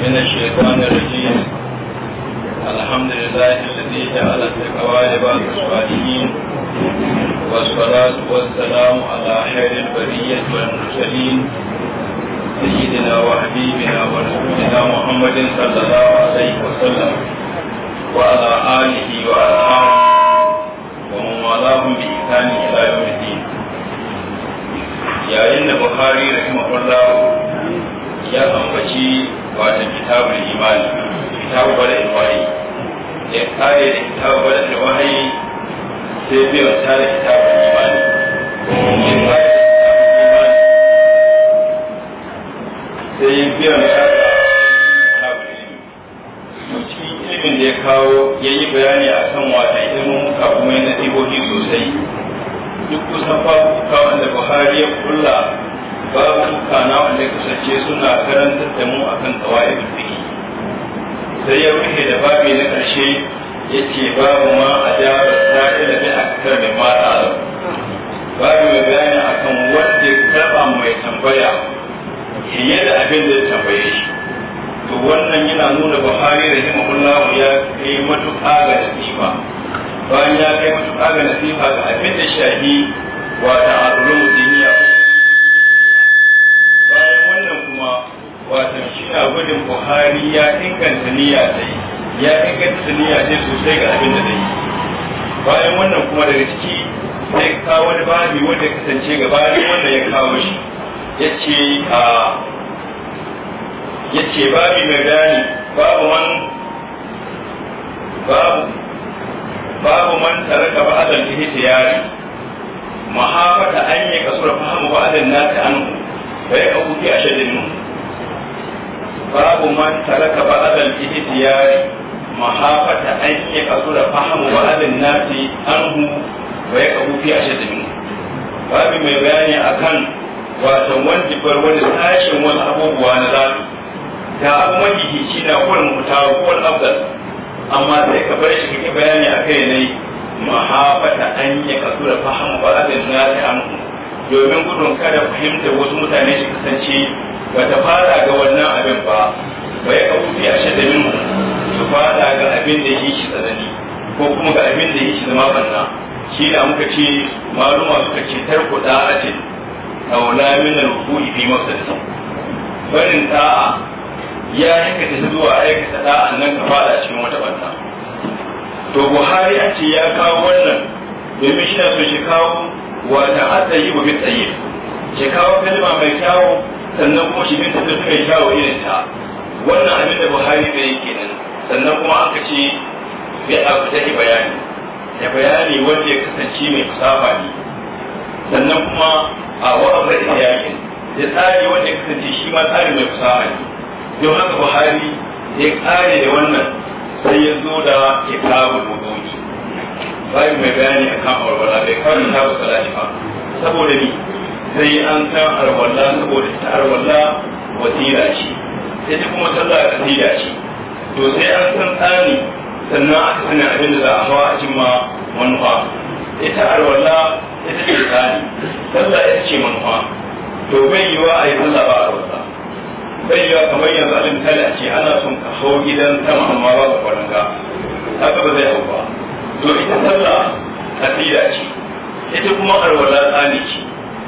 من الشيطان الرجيم الحمد لله الذي جعل التقوال بعد الصالحين والصلاة والسلام على خير البرية والمرسلين سيدنا وحبيبنا ورسولنا محمد صلى الله عليه وسلم وعلى آله وأصحابه ومن والاهم بإحسان إلى يوم الدين يا إن البخاري رحمه الله ya ambaci wato kitabul imani kitabu bada wahayi ya kare da kitabu bada wahayi sai biyan ta da kitabul imani sai biyan ta da kitabul ilimi cikin ilimin da ya kawo ya yi bayani a kan wata ilimin muka kuma yana sosai duk kusan fafuka wanda buhari ya kulla babu duka na wanda kasance suna karantar da mu akan kawai biki sai ya rufe da babi na ƙarshe ya ce babu ma a jara sa'ila bin kakar mai mata babu mai bayani akan wanda ya karɓa mai tambaya fiye da abin da ya tambaye shi to wannan yana nuna buhari rahimahullahu ya kai matuƙa ga nasifa bayan ya kai matuƙa ga nasifa ga abin da shahi wata azulun duniya wato a gudun buhari ya inganta niyya dai ya inganta niyya dai sosai ga abin da dai bayan wannan kuma da riski sai kawo wani babi wanda ya kasance gabanin wanda ya kawo shi ce a ce babi mai gani babu man babu babu man ta hita yari mahafata an yi da fahimu na ta anhu wa ya kafu a shaɗin nuhu babu man taraka ba'dal ihtiyar mahafata an yi kasura fahimu ba'dal nati anhu wa yakabu fi ashad min babu mai bayani akan wato wanda bar wani sashin wasu abubuwa na zalu da abu mahihici na kuwar mutawa kuwar afdal amma sai ka bar shi kake bayani akai ne mahafata an yi kasura fahimu ba'dal nati anhu domin gudun kada fahimta wasu mutane shi kasance ba ta fara ga wannan abin ba ba ya kafu ya da min su fara ga abin da yi shi tsanani ko kuma ga abin da yi shi zama banna shi da muka ce maluma suka ce tarko da'atin aula min al-hukumi fi mafsadin barin ta'a ya aikata shi zuwa aikata da'an nan ka fara cikin wata banna to buhari a ce ya kawo wannan domin shi na so shi kawo wata hadda yi bi tsaye shi kawo kalma mai kyawu sannan kuma shi bin da suka yi shawo irin ta wannan abin da buhari da yi kenan sannan kuma aka ce ya abu ta bayani ya bayani wanda ya kasance mai kusafa ne sannan kuma a ya yi da tsari wanda ya kasance shi ma tsari mai kusafa ne don haka buhari ya kare da wannan sai ya zo da kawo wudu'i bayan mai bayani a kan aurwala bai kawo da ta ba saboda ni sai an san arwalla saboda ta arwalla wasila ce ita kuma sallah kasida ce to sai an san tsari sannan aka sani abin da za a hawa a cimma manufa ita arwalla ita ce tsari sallah ita ce manufa to bai yi a yi sallah ba arwalla bai yi wa kamar yanzu alim tala ce ana son ka hau gidan sama amma ba ka ka haka ba zai hau ba to ita sallah kasida ce ita kuma arwalla tsari ce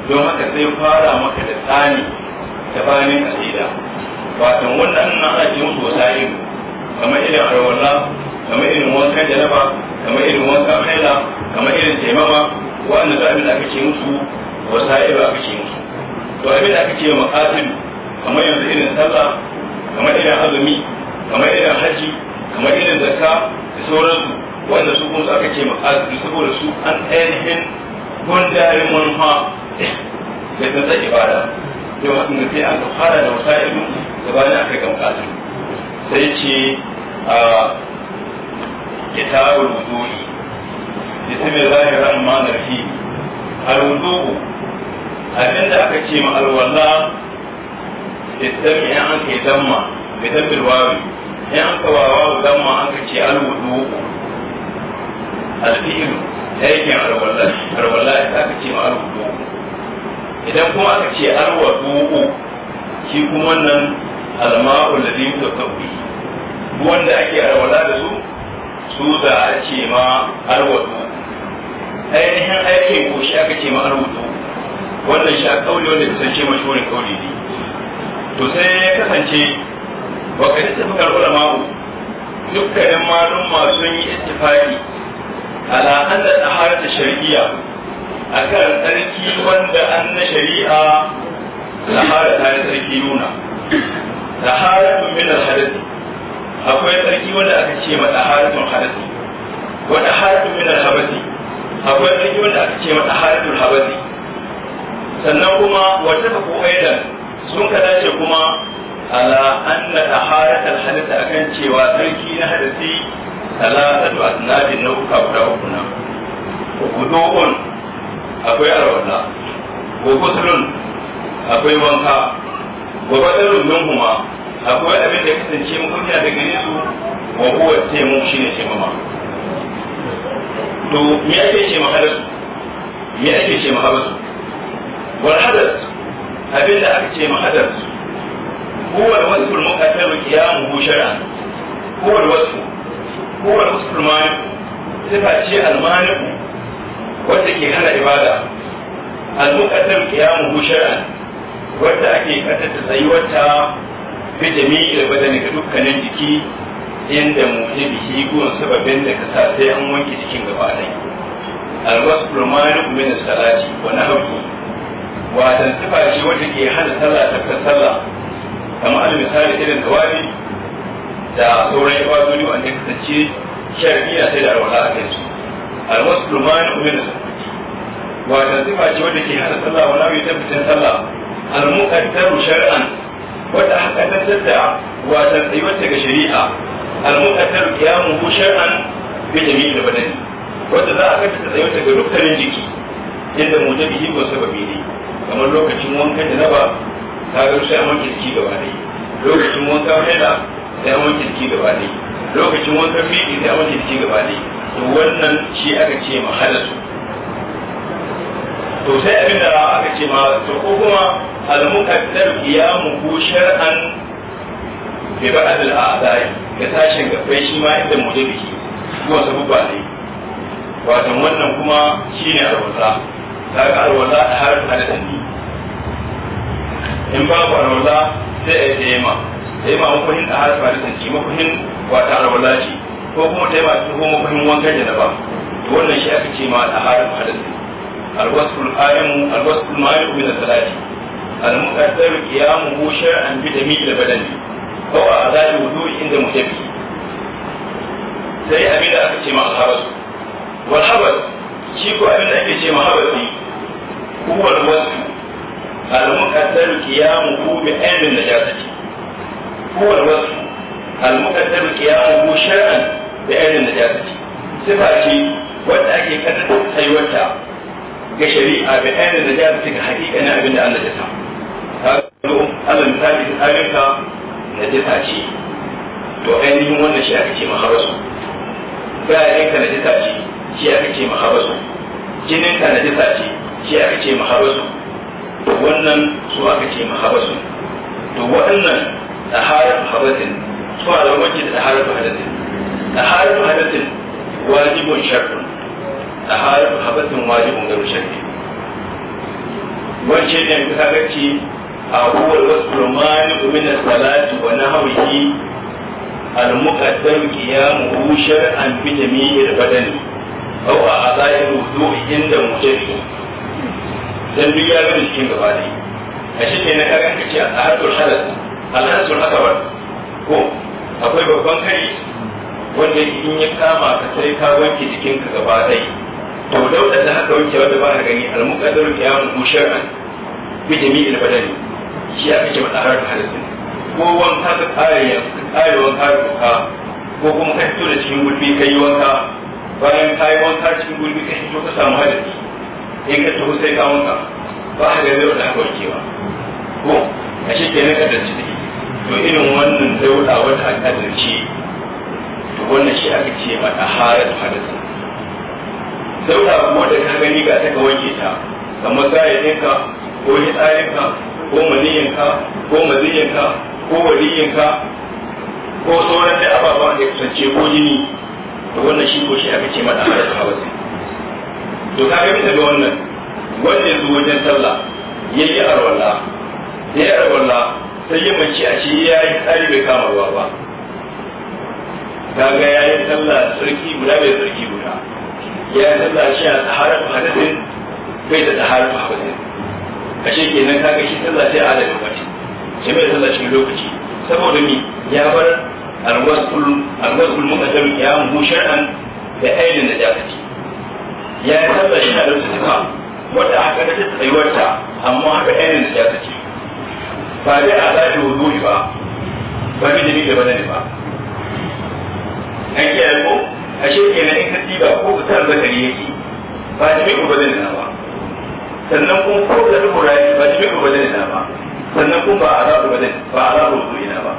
don haka sai fara maka da tsani da bayanin aqida wato wannan na ake ce musu wasa'il kamar irin arwala kamar irin wankan jaraba kamar irin wankan haila kamar irin taimama wanda da abin da aka ce musu wasa'il ake ce musu to abin da aka ce maqasid kamar yanzu irin sallah kamar irin azumi kamar irin haji kamar irin zakka da sauransu wanda su kuma aka ce maqasid saboda su an ainihin gundarin manufa da zai ibada sai wasu nufi an fara da wasa ilu da bayan aka ga mukatu sai ce a kitabul wudu'i bismillahir rahmanir rahim al-wudu'u abinda aka ce ma al-walla ya an kai damma bi dabbil wawi ya an kawawa damma an ka ce al-wudu'u al-fi'lu aikin alwala alwala aka ce ma al-wudu'u idan kuma aka ce arwa du'u shi kuma wannan alma'u da zai da kauri wanda ake arwala da su su da ake ma arwa du'u ainihin aikin ko shi aka ce ma arwa wannan shi a kauli wanda kasance mashhurin kauli ne to sai ya kasance wa kai ta fakar ulama'u dukkanin malumma ma sun yi ittifaki ala anna harata shar'iyya akan tsarki wanda an na shari'a tahara ta tsarki nuna taharatun min al-hadath akwai tsarki wanda aka ce ma taharatun hadath wa taharatun min al-habath akwai tsarki wanda aka ce ma taharatul habath sannan kuma wata ko aidan sun ka dace kuma ala anna taharatul hadath akan cewa tsarki na hadathi talatatu asnabin nauka guda uku na wudu'un akwai arwala wa kusurun akwai wanka wa badarun min kuma akwai abin da kasance mukunya da gare su wa huwa taimu shine ma to me ake ce mahadasu me ake ce mahadasu wal hadas abin da aka ce mahadas huwa al-wasful muqaddam qiyamuhu shar'an huwa al-wasfu huwa al-wasful mani sifa ce al-mani wanda ke hana ibada al-muqaddam qiyamuhu shar'an wanda ake kaddata tsayuwarta fi jami'il badani ga dukkanin jiki inda mujibihi gun sababin da ka sa sai an wanke jikin gaba ɗaya al-wasful malik min as-salati wa nahwi wa wata sifa shi wanda ke hana sallah ta sallah kamar al-misali irin tawabi da sauran ibadoni wanda kasance na sai da alwala a kansu alwaslu ma na umina wata sifa ce wadda ke hana sallah wala bai tabbatar sallah almuqaddaru shar'an wadda an kaddatar da wata tsayuwar daga shari'a almuqaddaru qiyamuhu shar'an bi da badani wadda za a kaddata tsayuwar daga dukkanin jiki yadda mu mutabihi wa sababi ne kamar lokacin wankan da na ba ta ga sai a manke jiki gaba ɗaya lokacin wankan haila sai an wanke jiki gaba ɗaya lokacin wancan miki sai an wanke jiki gaba ɗaya to wannan shi aka ce ma to sai abin da aka ce ma to ko kuma al-muqaddar qiyamu hu shar'an bi ba'd al-a'dai ga tashin gabbai shi ma inda mujabihi kuma sabubba ne wato wannan kuma shine arwaza kaga arwaza harf al-tanbi in ba ku arwaza sai a yi ma ma yi ma mafahin a harafa da tanki mafahin wata arwala ce ko kuma ta yi ma tuho mafahin wankan janaba to wannan shi aka ce ma a harafa da tanki alwasul ayamu alwasul mayu min salati al-muqaddaru qiyamuhu shar'an bi da badani ko a azali wudu'i inda mutabbi sai abinda aka ce ma al habasu wal habas shi ko abin da ake ce ma habasi huwa al-wasu al-muqaddaru qiyamuhu bi ilmin najasati هو الوصف المقدم قيامه شرعا بأين النجاسة صفة wanda ake kada tsayuwarta ga shari'a da ɗaya da ga hakika na abin da Allah ya sa. Ta zo Allah misali ta tsarinka na jita ce, to ainihin wannan shi aka ce mahabasu. Ga yanka na jita ce, shi aka ce mahabasu. Jininka na jita ce, shi aka ce mahabasu. To wannan su aka ce mahabasu. To waɗannan taharatu habatin suna da bambanci da taharatu hadatin taharatu hadatin wajibun sharfin taharatu habatin wajibun garu shartun wance ne kuka gaci a huwar wasu mani min salati wa nahwihi al-muqaddam qiyamuhu shar'an bi jami'il badani aw a azai wudu'i inda mujaddi dan duk ya ga cikin gaba ne a shi ne na karan kace a tsarin halas alhassun akabar ko akwai babban kai wanda in ya kama ka sai ka wanke jikinka gaba ɗaya to dauda da haka wanke wanda ba ka gani almuqaddaru ya hu shar'an bi jami'il badani shi aka ce madarar hadisin ko wanka ka kare kare wanka ka ko kuma ka fito da cikin gurbi ka yi wanka bayan ka yi wanka cikin gurbi ka fito ka samu hadisi in ka taho sai ka wanka ba ka gani da haka wankewa ko a shi kenan ka dace to irin wannan dauda wata kadarci to wannan shi aka ce ma taharar hadasin dauda kuma da ka gani ga ta ka wanke ta kamar ka ko ka ko maniyinka ko maziyinka ko waliyinka ko sauran da ababa da kusance ko jini to wannan shi ko shi aka ce ma taharar hadasin to ka gani daga wannan wanda ya zo wajen sallah yayi arwala yayi arwala sai yi mace a ce ya yi tsari bai kama ruwa ba kaga ya yi sallah sarki guda bai sarki guda ya yi sallah shi a tsaharar hadisin bai da tsaharar hadisin a ce nan kaga shi sallah sai a da lokaci shi bai sallah cikin lokaci saboda mi ya bar kulmun a muqaddam ya mu shar'an da ainihin da jafati ya yi sallah shi na da suka wanda aka da tsayuwarta amma haka ainihin da jafati ba dai a zaɓi wuzuri ba ba bi da bi da bane ba an ke ko a na in ka ba ko ka tar zakari yake ba da bi ba na ba sannan kun ko da bi kurari ba da bi ba na ba sannan kun ba a za zaɓi ba ba a za zaɓi wuzuri na ba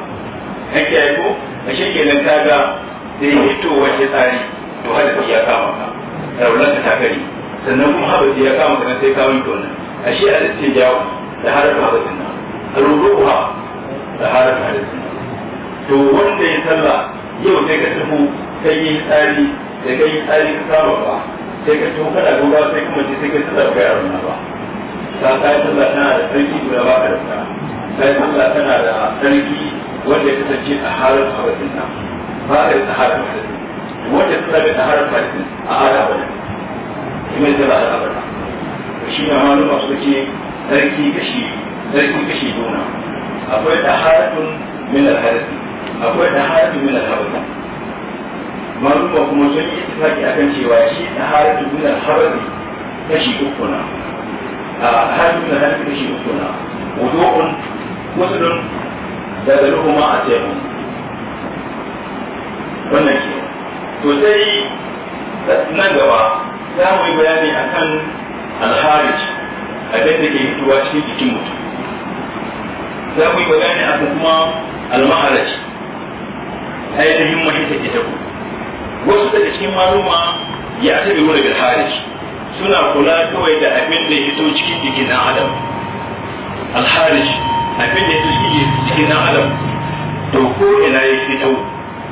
an ke ko a shekenan ka ga sai wace tsari to hadisi ya kama ka raunar ta kare sannan kuma habasi ya kama ka na sai kawai tonan ashe a da ce jawo da harafin habasin nan ruruha da halar hadisi to wanda ya talla yau sai ka tafi sai yi tsari da kai yi tsari ka saba ba sai ka tafi kana goga sai kuma ce sai ka sallah kai aruna ba ta kai sallah tana da sarki guda ba ka da ta kai sallah tana da sarki wanda ya kasance a halar hadisin na ba ka da halar hadisin wanda ta sami a halar hadisin a ara wani kuma ya sallah a abada shi ne ma nuna ke sarki kashi zargin kashi juna akwai taharatun min al-hadathi akwai taharatun min al-hadathi kuma sun yi tafaki a kan cewa shi taharatun min al-hadathi kashi uku na taharatun min al-hadathi kashi uku na wudu'un musulun daga ruhuma a teku wannan ke to sai nan gaba za mu yi bayani akan al-harij abin da ke fitowa cikin jikin mutum za mu yi bayani a kuma al-ma'araj ainihin mahimmin ita ku wasu daga cikin maluma ya tabi wani bil harij suna kula kawai da abin da ya fito cikin jikin dan adam al-harij abin da ya fito cikin jikin dan adam to ko ina ya fito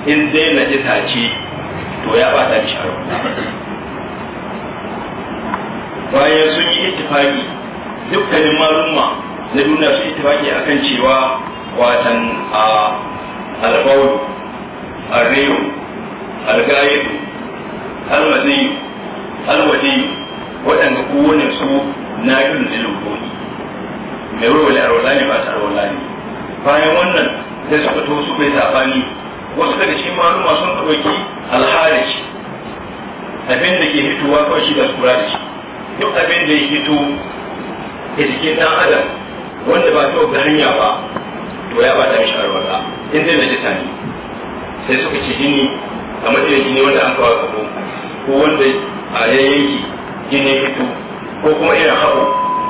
in dai na ji tace to ya bata mishi aro bayan sun yi ittifaqi dukkanin maluma na duniya su a kan cewa watan a albaul arriyu algayidu almadiyu alwadiyu waɗanda kowane su na yin lilukuni mai warware arwala ne ba ta arwala ne bayan wannan sai su fito su kai safani wasu daga cikin maluma sun ɗauki alharici abin da ke fitowa kawai shi da su kula da shi duk abin da ya fito ke jikin ɗan adam wanda ba ta ga hanya ba to ya ba ta mishi alwala in zai najisa tani sai suka ci jini kamar matsayin jini wanda an kawo kabo ko wanda a yayyanki gini fito ko kuma irin haɓo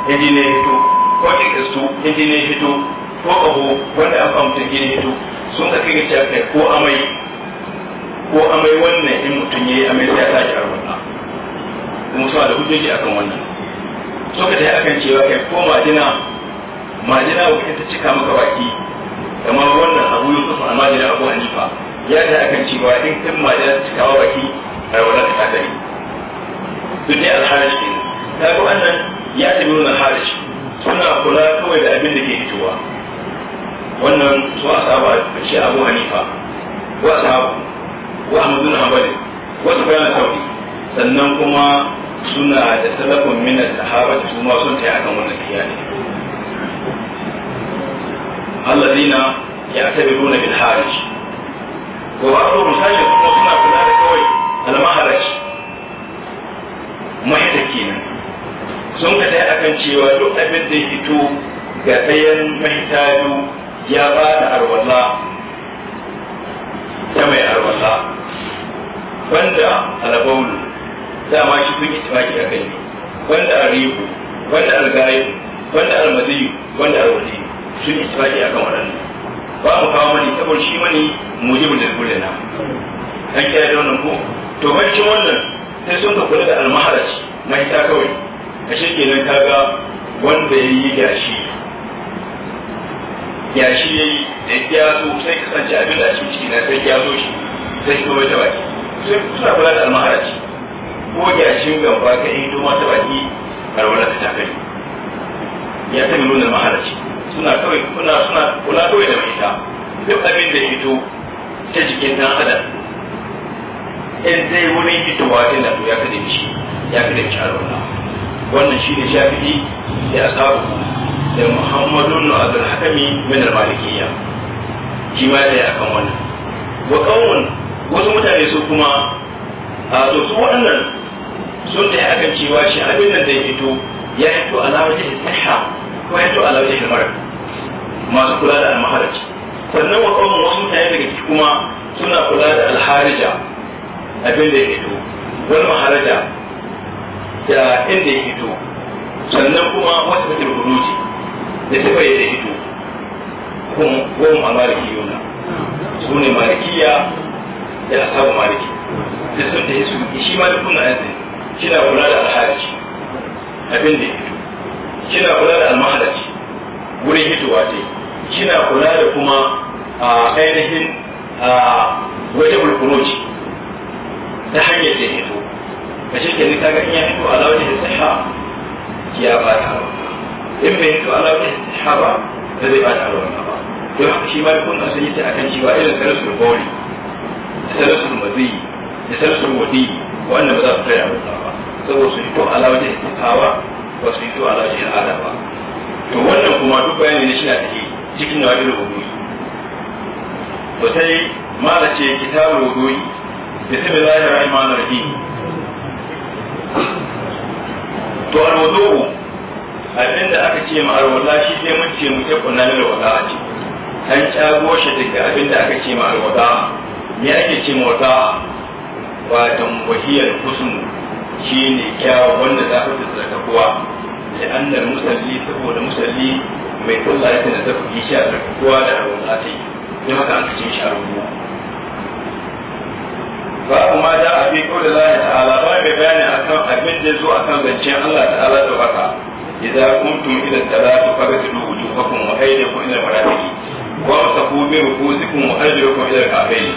ya jini fito ko a ƙirƙistu ya jini fito ko ƙaho wanda an kawo mutum gini fito sun ka kai ga kai ko amai ko amai wannan in mutum ya yi amai sai ya tashi alwala kuma suna da hujjoji akan wannan suka ta yi akan cewa kai ko majina majina wa ta cika maka baki kamar wannan abu a majina abu hanifa ya ta akan cewa in kin majina cika wa baki rayuwar ta kadari duk alharish ne ta ga wannan ya tabi wannan alharish suna kula kawai da abin da ke fitowa wannan su a saba a shi abu hanifa wa sahabu wa ahmadu bin hanbal wa sufyan al-thawri sannan kuma suna da salafin min as-sahaba su ma sun tayi akan wannan kiyaye. alladina ya'tabiruna bil harij wa ba'dhum sashin kuma suna kula da kawai al sun ka dai akan cewa duk abin da fito ga ɗayan mahitayu ya ba da arwala ta mai arwala banda alabaulu dama shi sun itimaki a kai banda arihu banda algayu banda almadiyu banda alwaliyu sun isfaki a kan waɗannan ba mu kawo mani saboda shi mani mujibin da kulle na an kira da wannan ko to baccin wannan sai sun ka kula da almaharaj mai ta kawai a shi kenan ka ga wanda ya yi yashi yashi ya yi da ya so sai kasance abin da a cikin ciki na sai ya so shi sai ka kuma ta baki sai suna kula da almaharaj ko yashin gamba ka yi doma ta baki a rawar da ta kai ya ta nuna maharaci suna kawai suna suna kula kawai da mai ta duk abin da hito ta jikin dan adam in zai wurin hitowa ta na ya kada shi ya kada shi alwala wannan shi ne shafi'i da asabu da muhammadun abdul hakami min al-malikiyya shi ma ya akan wannan wa qawmun wasu mutane su kuma a to su waɗannan sun da aka cewa shi abin da ya fito ya fito ala wajhi sihha ko ya fito ala ta marar masu kula da almaharaj sannan wa kawai wasu mutane daga ciki kuma suna kula da alharija abin da ya fito wani maharaja da inda ya fito sannan kuma wasu fitar huduji da sifar da ya fito kuma a maliki yuna su ne malikiya da asabu maliki da sun da su shi malikun na yanzu shi na kula da alhariji abin da ya fito shi na kula da almaharaji wurin hitowa ce kina kula da kuma a ainihin a wajen bulkuroci ta hanyar da hito a shekin ta ga in ya hito ala wajen sahiha ya ba ta ba in bai hito da ta sahiha ba da zai ba ta ba don haka shi ma da kun sun yi ta akan cewa irin sarasul bauri da sarasul mazi da sarasul wadi wanda ba za su tsaya ba saboda su hito da ta sahiha ba ba su hito ala da ala ba to wannan kuma duk bayanin ne shina take cikin nawadir wudu'i to sai mala ce kitabul wudu'i bismillahir rahmanir rahim to abin da aka ce ma al alwala shi sai mun ce muke kunna da wada'a ce an kyago shi daga abin da aka ce ma al alwada'a me ake ce ma wada'a wato wahiyar shi ne kyawun wanda za ka tsaka kowa da annar musalli saboda musalli mai sallah ya tana ta kuɗi shi a da alwala ta yi don haka a rubuwa ba kuma da a fi kawai da lahi ta'ala mai bayani akan abin da zo akan zancen Allah ta'ala da baka idza kuntum ila salati fagatilu wujuhakum wa aydakum ila marafiqi wa amsaku bi rukusikum wa arjulakum ila al-ka'bayn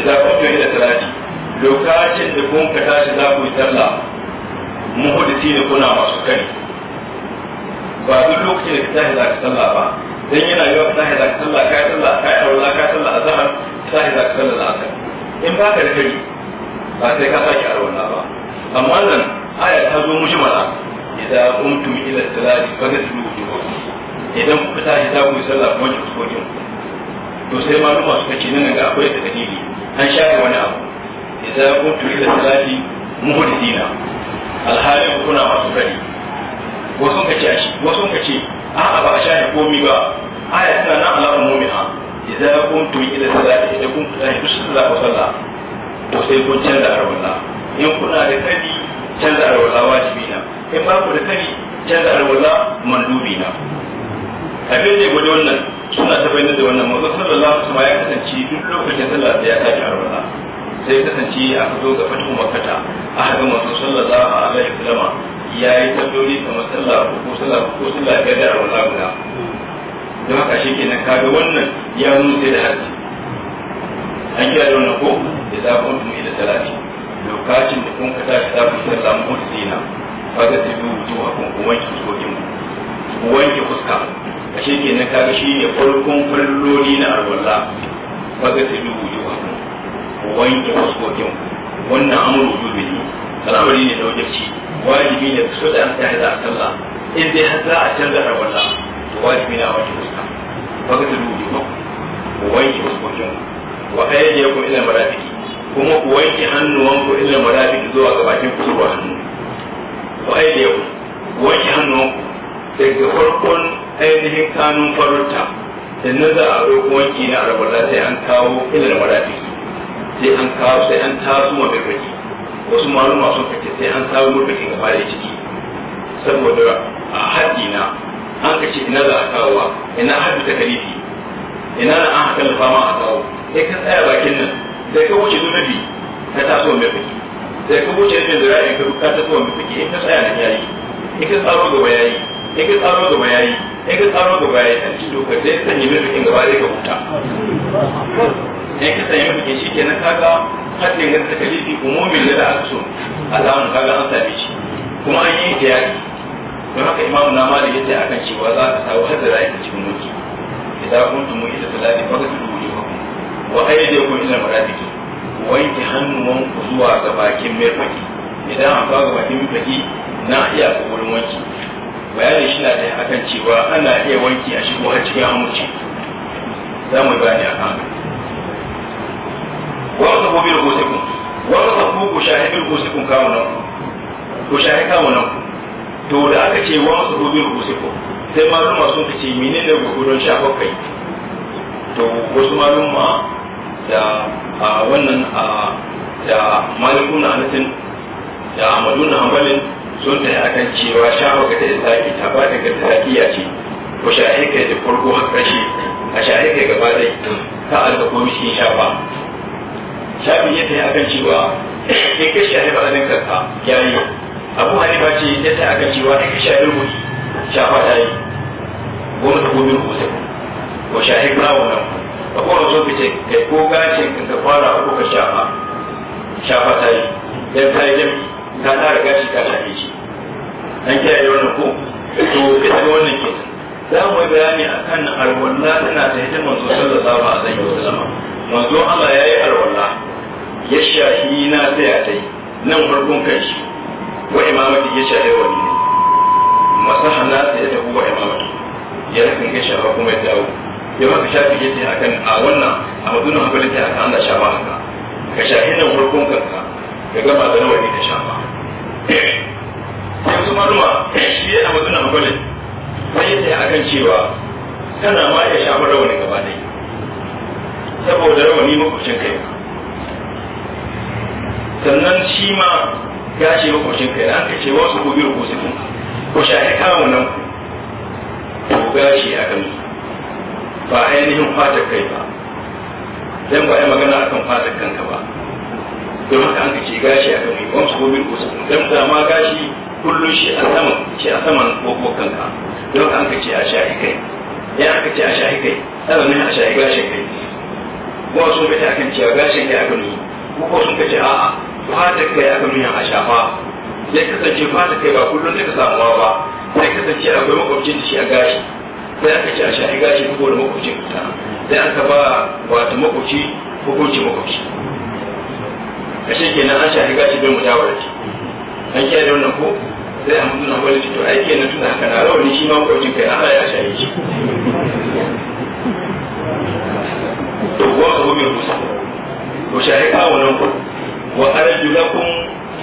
idza kuntum ila salati lokacin da kun ka tashi za ku yi sallah muhdisi ne kuna masu kai ba duk lokacin da ka tashi za ka sallah ba dan yana yawa ka tashi za ka sallah ka sallah ka aure za ka sallah a ka tashi za ka sallah aka in ba ka da kai ba sai ka sake aure ba amma nan aya ta zo mujmala idan tumi ila salati fagasilu wujuhakum idan kuka tashi za ku yi sallah kuma ki ku to sai ma ruwa suka ce nan ga akwai da dalili an shafe wani abu idan tumi ila salati muhdithina alhali kuna masu kari wasu ka ce wasu ka ce a'a ba a shafe komi ba aya tana nan ala umumiha idan kuntum ila salati idan kun fita ku sallah ku sallah to sai kun canza arwala in kuna da kani canza arwala wajibi na in ba ku da kani canza arwala mandubi na abin da gode wannan suna ta bayyana da wannan manzo sallallahu alaihi wasallam ya kasance duk lokacin sallah da ya sake arwala sai kasance aka zo ga fatu makkata a ga manzo sallallahu alaihi wasallam ya yi salloli kamar sallah ko sallah ko sallah biyar da arwala guda don haka shi kenan kaga wannan ya nuna sai da hajji an kira da wannan ko da zafin tumi da talati lokacin da kun ka shi zafin sai samu mutsina kaga ta biyu zuwa kun ku wanke sojin ku wanke fuska a shi kenan kaga shi ne farkon falloli na arwala kaga ta biyu zuwa kun ku wanke fuskokin ku wannan amuru yubi ne al'amari ne da wajibci wajibi ne su da an tare da akalla in dai har za a canza wata to wajibi na wanke fuska ba ka dubi ba ku wanke fuskokin wa ne ku ila marafiki kuma ku wanke hannuwanku ila marafiki zuwa ga bakin kusurwa hannu wa ayyade ku wanke hannuwanku daga farkon ainihin kanun farauta sannan za a roƙo wanki na da sai an kawo ila marafiki sai an kawo sai an taso mafarfaki wasu maluma sun kake sai an samu mafarkin gaba da ciki saboda a haɗi na an kace ina za a kawowa ina haɗu ta kalifi ina na an hakan fama a kawo sai ka tsaya bakin nan sai ka wuce zunubi ka taso mafarki sai ka wuce rufin da ra'ayin ka ka taso mafarki in ka tsaya nan yayi in ka tsaro gaba yayi in ka tsaro gaba yayi in ka tsaro gaba yayi an ci dokar sai ka yi mafarkin gaba da ka huta ne ka sanya mafi shi kenan kaga hatin ga ta kalifi umumin da aka so alamun kaga an sami shi kuma an yi yaki. don haka imamu na mali yadda a akan cewa za ka sawo da rayu ka cikin mulki idan kun tumu ita lafi ba ka tudu ba wa ina ila maradiki wanke ku zuwa ga bakin mai faki idan an ba ga bakin mai faki na iya wurin wanki bayanin shi na da akan cewa ana iya wanki a shigo har cikin amince za mu bayani a kan wanda gobe da gosikun wanda ka kuma ku shahi bil gosikun kawo nan ku shahi kawo nan to da aka ce wanda su gobe da gosikun sai maluma sun ce menene gudun sha bakwai to wasu maluma da a wannan a da malikun na anatin da amadu na hanbalin sun ta akan cewa sha bakwai ta isaki ta ga daga tafiya ce ku shahi kai da farko har ƙarshe a shahi kai gaba ɗaya ka alka komi cikin shafa shafi ya tafi akan cewa in ka shafi malamin karfa ya yi abu ba ce ya tafi akan cewa in ka yi rubuci shafa ta yi goma ta gobe rubuce ko shafi brown nan a kowane zo fice kai ko gashin ka fara ko ka shafa shafa ta yi dan ta yi jami ta tara gashi ka shafe shi an kiyaye wannan ko to ita wannan ke za mu yi bayani a kan alwalla tana ta hidimar sosai da saba a zai wasu zama manzo Allah ya yi alwalla ya shafi na tsaya ta yi nan farkon kan shi wa imamati ya shafi wani ne masaha na tsaye ta kuwa imamati ya rikin kai shafa kuma ya dawo ya maka shafi ya akan a wannan a madunan hankali ta an da shafa haka ka shafi nan farkon kanka ka gama da nawa ne ka shafa yanzu maluma shi ya a madunan hankali sai ya tsaye akan cewa kana ma ya shafa rawani gaba ɗaya saboda rawani makwacin kai sannan shi ma ya ce makwacin kai an ka ce wasu gobe ko su ko shafi kawo nan ko gashi a kan ba ainihin fatar kai ba dan ba yi magana akan fatar kanka ba don haka an ce gashi a kan wasu gobe ko su don da ma gashi kullum shi a saman shi a saman koko kanka don haka an ce a shafi kai ya aka ce a shafi kai sannan a shafi gashin kai wasu mutane kan cewa gashin kai akan ko sun kace a'a fatar kai aka nuna a shafa sai kasance fatar kai ba kullum ta samuwa ba sai kasance akwai makwabcin da shi a gashi sai aka ce a shafi gashi saboda makwabcin ta sai aka ba wata makwabci hukunci makwabci A ashe kenan an shafi gashi bai mutawarci an kiyaye wannan ko sai a mutu na wani to aiki kenan tuna haka na rawani shi ma makwabcin kai ana ya sha shi to ko abu mai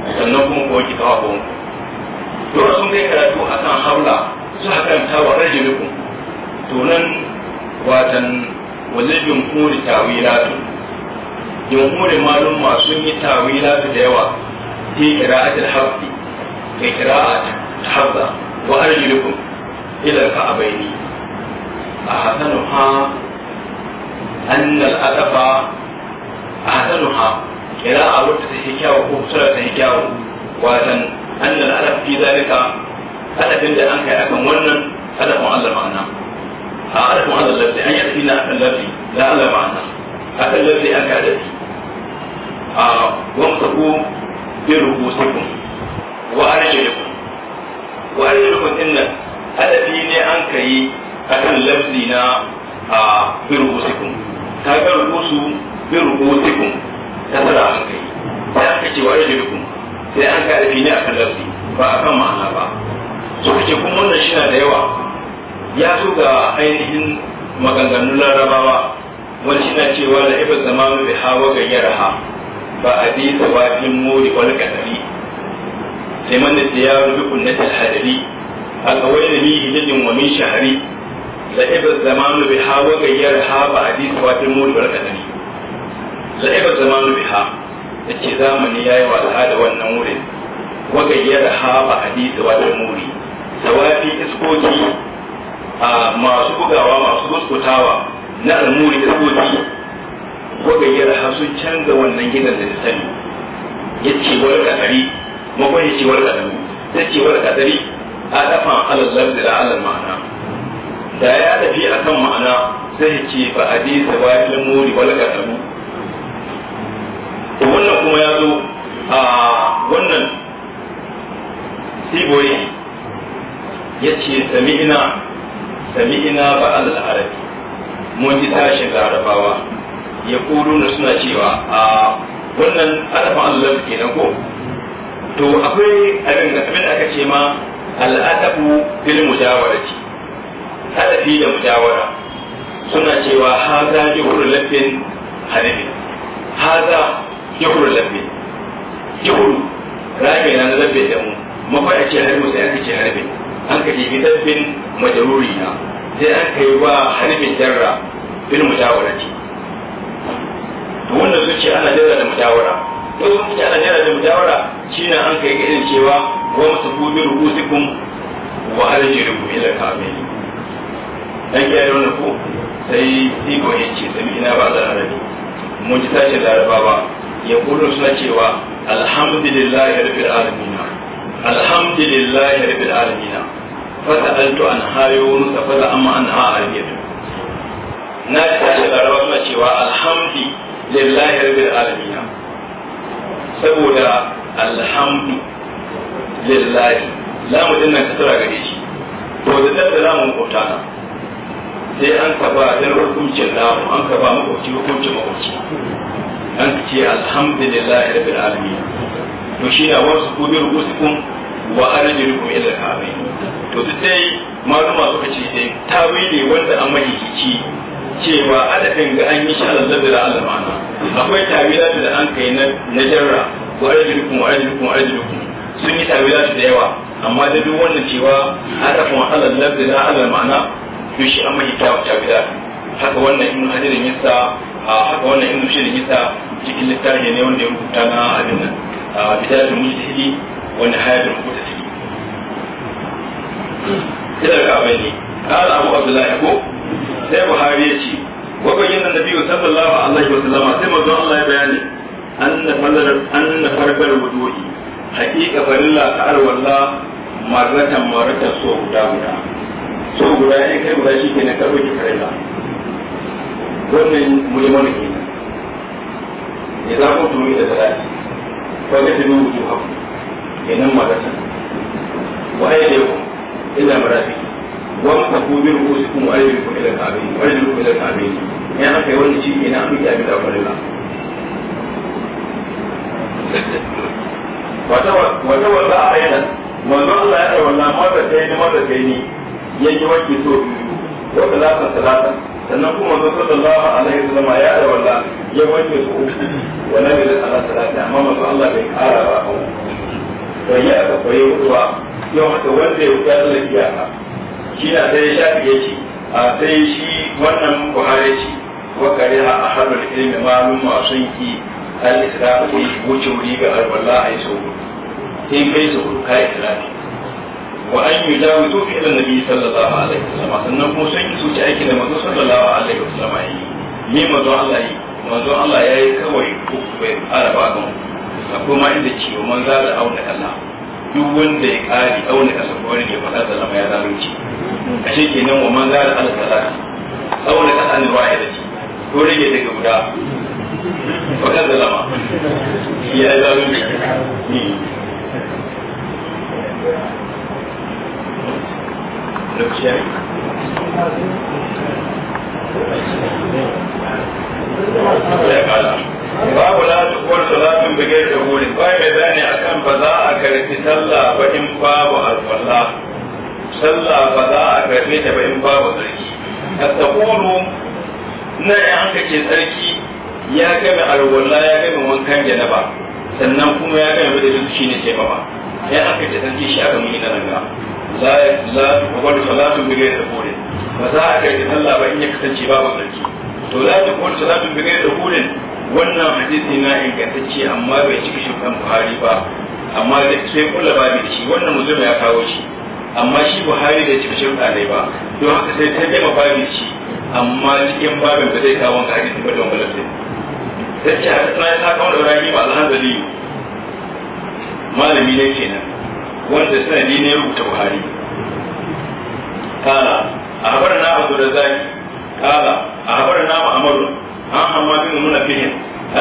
sannan kuma kawo wanke kawafon to sun kai karatu a kan haula su hakan tawa rajulukum to nan watan wajen jumhuri tawilatu jumhuri malum ma sun yi tawilatu da yawa fi qira'atil hafi fi qira'at habba wa arjulukum ila ka'abaini a hasanuha annal adafa a ha kira a wata ta yi kyawu ko kusa ta yi kyawu watan annal alaf fi zalika alafin an kai akan wannan alafin Allah ma'ana a alafin Allah lafi an yi na akan lafi da Allah ma'ana akan lafi an ka da a wamsaku bi wa wa alafi ne an kai akan na kai sai aka ce wa yajrikum sai an ka alfi a kan lafi ba kan ma'ana ba so kace kuma wannan shi na da yawa ya so ga ainihin maganganun larabawa wani shi na cewa da ibar bi hawa ha ba a bi mori wani sai man da ya rubi kunnata hadari a kawai da ni wa min shahari da bi hawa ha ba a bi mori wani la'ibar zamanu biha da ce zamani ya yi wasa da wannan wurin wagayyar haɓa hadisi wa muri sawafi iskoki a masu bugawa masu kuskutawa na almuri iskoki wagayyar ha sun canza wannan gidan da sani ya ce wani kadari makon ya ce wani kadari ya ce wani kadari a dafa alalar da alal ma'ana da ya tafi akan ma'ana sai ce ba a bi sawafin muri wani kadaru to wannan kuma ya zo a wannan siboyi ya ce sami'ina sami'ina ba al-arabi mun ji tashin larabawa ya kudu suna cewa a wannan adafin allah kenan ko to akwai abin da abin da aka ce ma al'adabu mujawara ce adabi da mujawara suna cewa haza juhur lafin hanabi haza ya kuru labbe ya kuru na labbe da mu mafaɗa ce harbi sai an ce harbi an ka jibi labbin majaruri na sai an kai wa harbin jarra bil mutawarati to wannan su ce ana jarra da mutawara to sun ce ana jarra da mutawara shine an kai irin cewa wa masu musububi rubusikum wa arjirukum ila kamil dan ya yi wannan ko sai iko ce sami ina ba za a rabi mun ji tashin larabawa ya kullu suna cewa alhamdulillahi rabbil alamin alhamdulillahi rabbil alamin fata'altu an hayyun fa fada amma an ha'ariyatu na ta da rawa suna cewa alhamdulillahi rabbil alamina saboda alhamdu lillahi lamu din ka tura gare shi to da dan da kota na sai an ka ba dan hukuncin lamu an ka ba makwabci hukuncin makwabci an ce alhamdulillah rabbil alamin to shi ya wasu ku bi rubutukum wa arjulikum ila al to duk dai maluma suka ce dai tawili wanda an kici cewa adadin ga an yi shi Allah da Allah ma'ana akwai tawila da an kai na najarra wa arjulikum wa arjulikum wa arjulikum sun yi tawila da yawa amma da duk wannan cewa adafin Allah da Allah ma'ana to shi an mahihici tawilatu haka wannan in hadirin yasa a haka wannan ibn bashir isa cikin littafi ne wanda ya rubuta na abin nan a bidayatul mujtahidi wanda hayatul muqtadi kira ka bane qala abu abdullahi ko sai buhari ya ce wa bayyana nabi sallallahu alaihi wa wasallam sai manzo Allah ya bayani anna fadlan anna farqal wudu'i haqiqa farilla ka arwalla marratan marratan so guda guda so guda in kai guda ne ka roki farilla wannan muliman ke ya za ku tumi da salati wanda ta nuna ku haku kenan magatan waye da yau illa marafi wani ta ku bi rukusi kuma ayyukan ku ila kabe wajen ku ila kabe ya aka yi wani ci kenan an yi abin da farilla wata wata a ayyana wanda Allah ya ce na mata sai ni mata sai ni yayi wanki so biyu wata lafan salatan sannan kuma zo sallallahu alaihi wasallam ya da walla ya wanke su uku wannan ne da salati amma manzo Allah bai kara ba ko bai ya ka koyi wutuwa yau haka wanda ya ta lafiya ka shi na sai ya shafi ya ci. a sai shi wannan Buhari ci wa kariha ahadul ilmi malum ma sun ki al-islam wuce wuri ga alwala ai so sai kai su kai islami wa an yi dawo to fi ilan nabi sallallahu alaihi wasallam sannan kuma sun ki suci aiki da manzo sallallahu alaihi wasallam yi ni manzo Allah yi manzo Allah yayi kawai ko bai araba kan akwai ma inda ciwo man za da auna kalla duk wanda ya kare auna kasa ko wani ya da lama ya zalunci ashe kenan wa man za da alkala auna ne ko rage daga guda da lama ya babu la tukwar salatin bigai da wuri bai mai a kan ba za a karfi sallah ba in babu alfalla sallah ba za a karfe da ba in babu sarki at-taqulu na an kace sarki ya gami alwala ya gama wankan ba sannan kuma ya gama da duk shine sai ba ya aka ce sarki shi aka mun yi nan ga la la ba za a kai sallah ba in ya kasance babu sarki to la a wannan hadisi na ingantacce amma bai Buhari ba amma da sai kula ba da shi wannan mutum ya kawo shi amma shi Buhari da ba don haka sai ta ba shi amma cikin babin ba zai kawo hadisi ba don sai ce malami ne kenan wanda sanadi ne rubuta buhari kala a ahbarna abu da zaki kala a ahbarna ma'amar an hamma bin muna fihim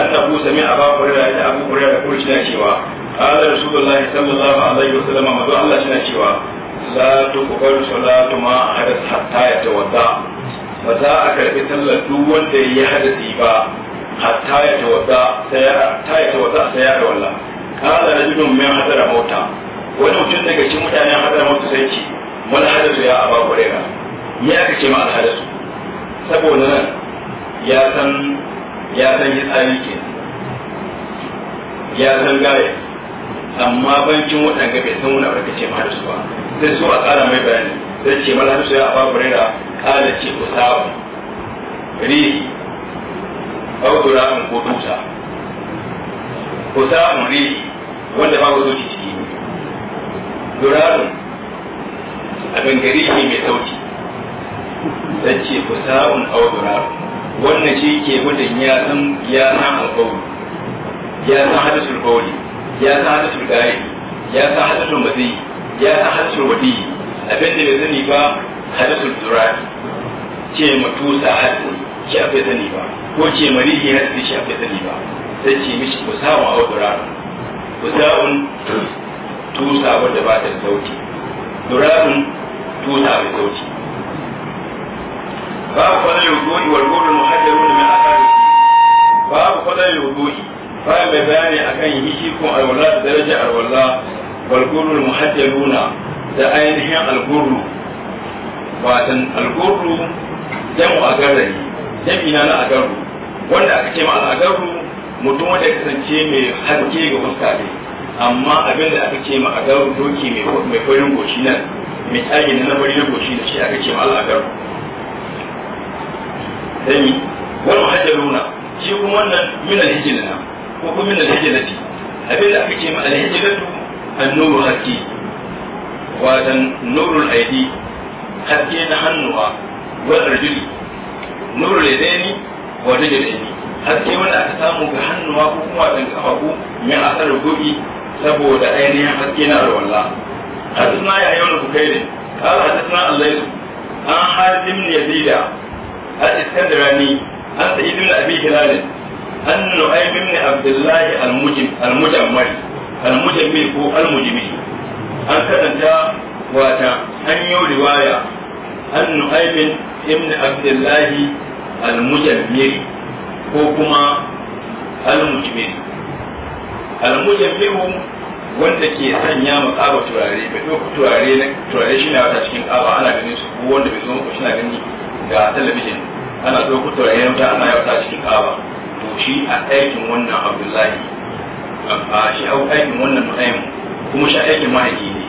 annahu sami'a abu hurairah da abu hurairah kullu shi cewa qala rasulullahi sallallahu alaihi wasallam manzo Allah shi cewa la tuqbal salatu ma hadath hatta yatawadda ba za a karɓi sallar duk wanda ya hadasi ba hatta ya tawadda sai ya tawadda sai ya wallah qala rajulun min hadara mota wani mutum daga cikin mutane an haɗa mutu sarki wani hadasu ya aba kurera ya aka ce ma alhadasu saboda nan ya san ya san yi tsari ke ya san gaya amma bankin waɗanda bai san wani abu da ce ma hadasu ba sai su a tsara mai bayani sai ce ma su ya aba kurera kala ce usawa rihi au tura'un ko dusa sabu ri wanda ba ku zuci ciki durarun abin gari shi mai sauki zan ce fusa'un au durarun wannan shi ke gudun ya san ya san alƙawari ya san hadisul qawli ya san hadisul gari ya san hadisul madi ya san hadisul wadi abin da bai sani ba hadisul durarun ce matusa hadisul shi a bai sani ba ko ce marihi hadisul shi a bai sani ba sai ce mishi fusa'un au durarun fusa'un tusa wadda ba ta sauti durabun tusa mai sauti babu fadar yudoyi wal gudun muhajjaru da mai akari babu fadar yudoyi bayan mai bayani yi shi kun alwala da daraja alwala wal gudun luna da ainihin algurru watan algurru jamu a garari ina na agaru wanda aka ce ma al'agaru mutum wanda ya kasance mai hanke ga fuska ne amma abin da aka ce ma a garu doki mai kwarin goshi nan mai tsage na nabari na goshi da shi aka ce ma Allah garu dani wal nuna. shi kuma wannan min al na ko kuma min na hijlati abin da aka ce ma al hijlatu an nuru haqqi watan nurul aidi haqqi na hannuwa wa arjuli nurul aidi wa rijlaini haske wanda aka samu ga hannuwa ko kuma ga kafafu min asar gobi saboda ainihin haske na alwala hadisna ya yau da bukairi kala hadisna allaisu an hadim yazida an iskandarani an sa'id ibn abi hilal an nu'aym ibn abdullah al-mujim al-mujammil al-mujammil ko al-mujimi an karanta wata an yi riwaya an nu'aym ibn Abdullahi al-mujammil ko kuma al-mujimi almujammihu wanda ke sanya mu kaba turare bai ɗauka turare na turare shi na wata cikin kaba ana ganin su ko wanda bai zo ko shi na gani da talabijin ana ɗauka turare na wata ana yawata cikin kaba to shi a aikin wannan abdullahi a shi a aikin wannan nu'aymu kuma shi a aikin mahaifi ne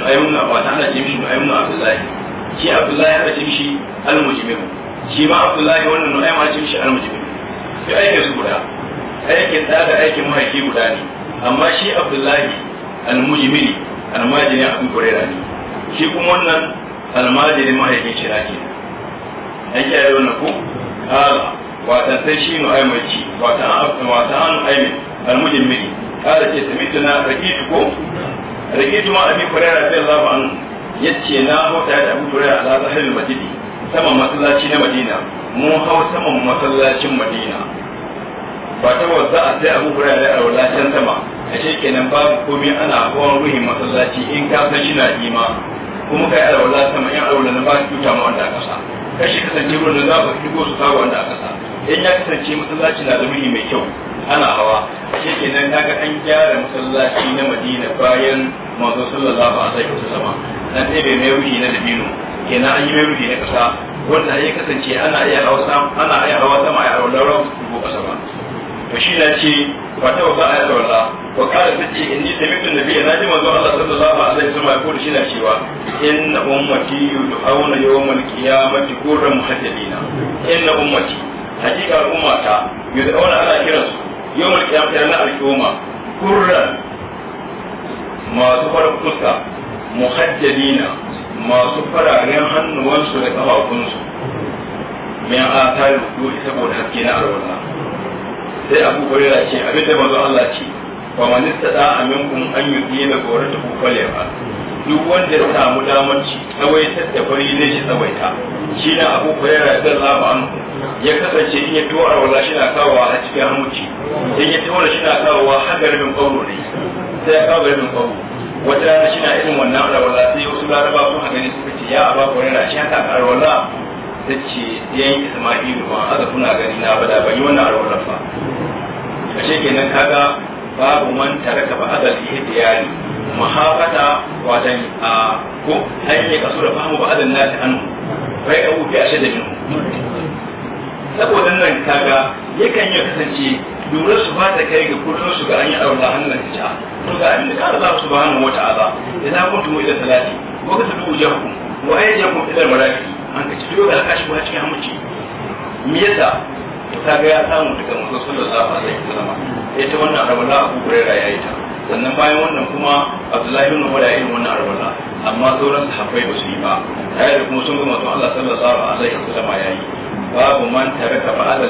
nu'aymu na wata ana ce mishi nu'aymu abdullahi shi abdullahi ana ce mishi almujammihu shi ma abdullahi wannan nu'aymu ana ce mishi almujammihu sai aikin su guda aikin da da aikin mahaifi guda ne amma shi abdullahi almujmini almajiri abu kurera ne shi kuma wannan almajiri mahaifin shi na ke an kiyaye wannan ko kala wata sai shi nu aimaci wata an wata an aimin almujmini kala ce samitu na rakitu ko rakitu ma abu kurera sai Allah an yace na hota da abu kurera ala zahirul majidi sama masallaci na madina mun hau saman masallacin madina ba ta wanzu a sai abu hura da alwala can sama a kenan babu komai ana hawan ruhin masallaci in ka san shi na ima kuma kai alwala sama in alwala na ba su cuta ma wanda aka sa kashi kasance ruwan da za fi ko su ta wanda a sa in ya kasance masallaci na da ruhi mai kyau ana hawa shi kenan ga an gyara masallaci na Madina bayan manzo sallallahu alaihi sama dan sai bai mai ruhi na dabino kenan an yi mai ruhi na kasa wanda ya kasance ana iya hawa sama ana iya hawa sama a alwala to shi na ce ba ta ba a wala wa kala ta ce in ji samitin da biya na ji manzo Allah sallallahu alaihi wasallam ko da shi na cewa inna ummati yud'auna yawmal qiyamati qurra muhajjalina inna ummati hakika ummata yud'auna ala kiransu yawmal qiyamati na al-qiyama qurra masu fara fuska muhajjalina masu fararen hannuwansu da kafafunsu min a tayi saboda haske na sai abu hurera ce abin da manzo Allah ce wa man istada aminkum an yudina gorata ku falewa duk wanda ya samu damar ci sai ya fari ne shi tsawaita shi na abu hurera da Allah an ya kasance in ya tora wala shi na kawo a cikin hamuci in ya tora shi na kawowa har garin kawo ne sai ya kawo garin kawo wata shi na irin wannan alwala sai wasu laraba sun hagani suka ce ya abu hurera shi haka alwala ta ce yan isma'ilu ma aka kuna gani na bada ban yi wannan alwalar ba kashe kenan kaga babu man taraka ba adal ihdiyari muhafata watan a ko an yi kaso da fahimu ba adal nasi anhu bai abu bi ashe da minhu saboda nan kaga yakan yi kasance dole su ba ta kai ga kullum su ga an yi aure hannun ta ja to ga abin da ka aza ya na idan tumo ila talati wa ka tudu yi wa ayyakum ila marafi an ka ci dole alƙashi ba cikin hamuci me yasa ta ga ya samu daga manzo sallallahu alaihi ya ta wannan a Abu Hurairah yayi ta sannan bayan wannan kuma Abdullahi ibn Umar yayi wannan arbala amma sauran sahabbai ba su yi ba tare da kuma sun ga manzo Allah sallallahu alaihi wasallam yi. babu man taraka ba'al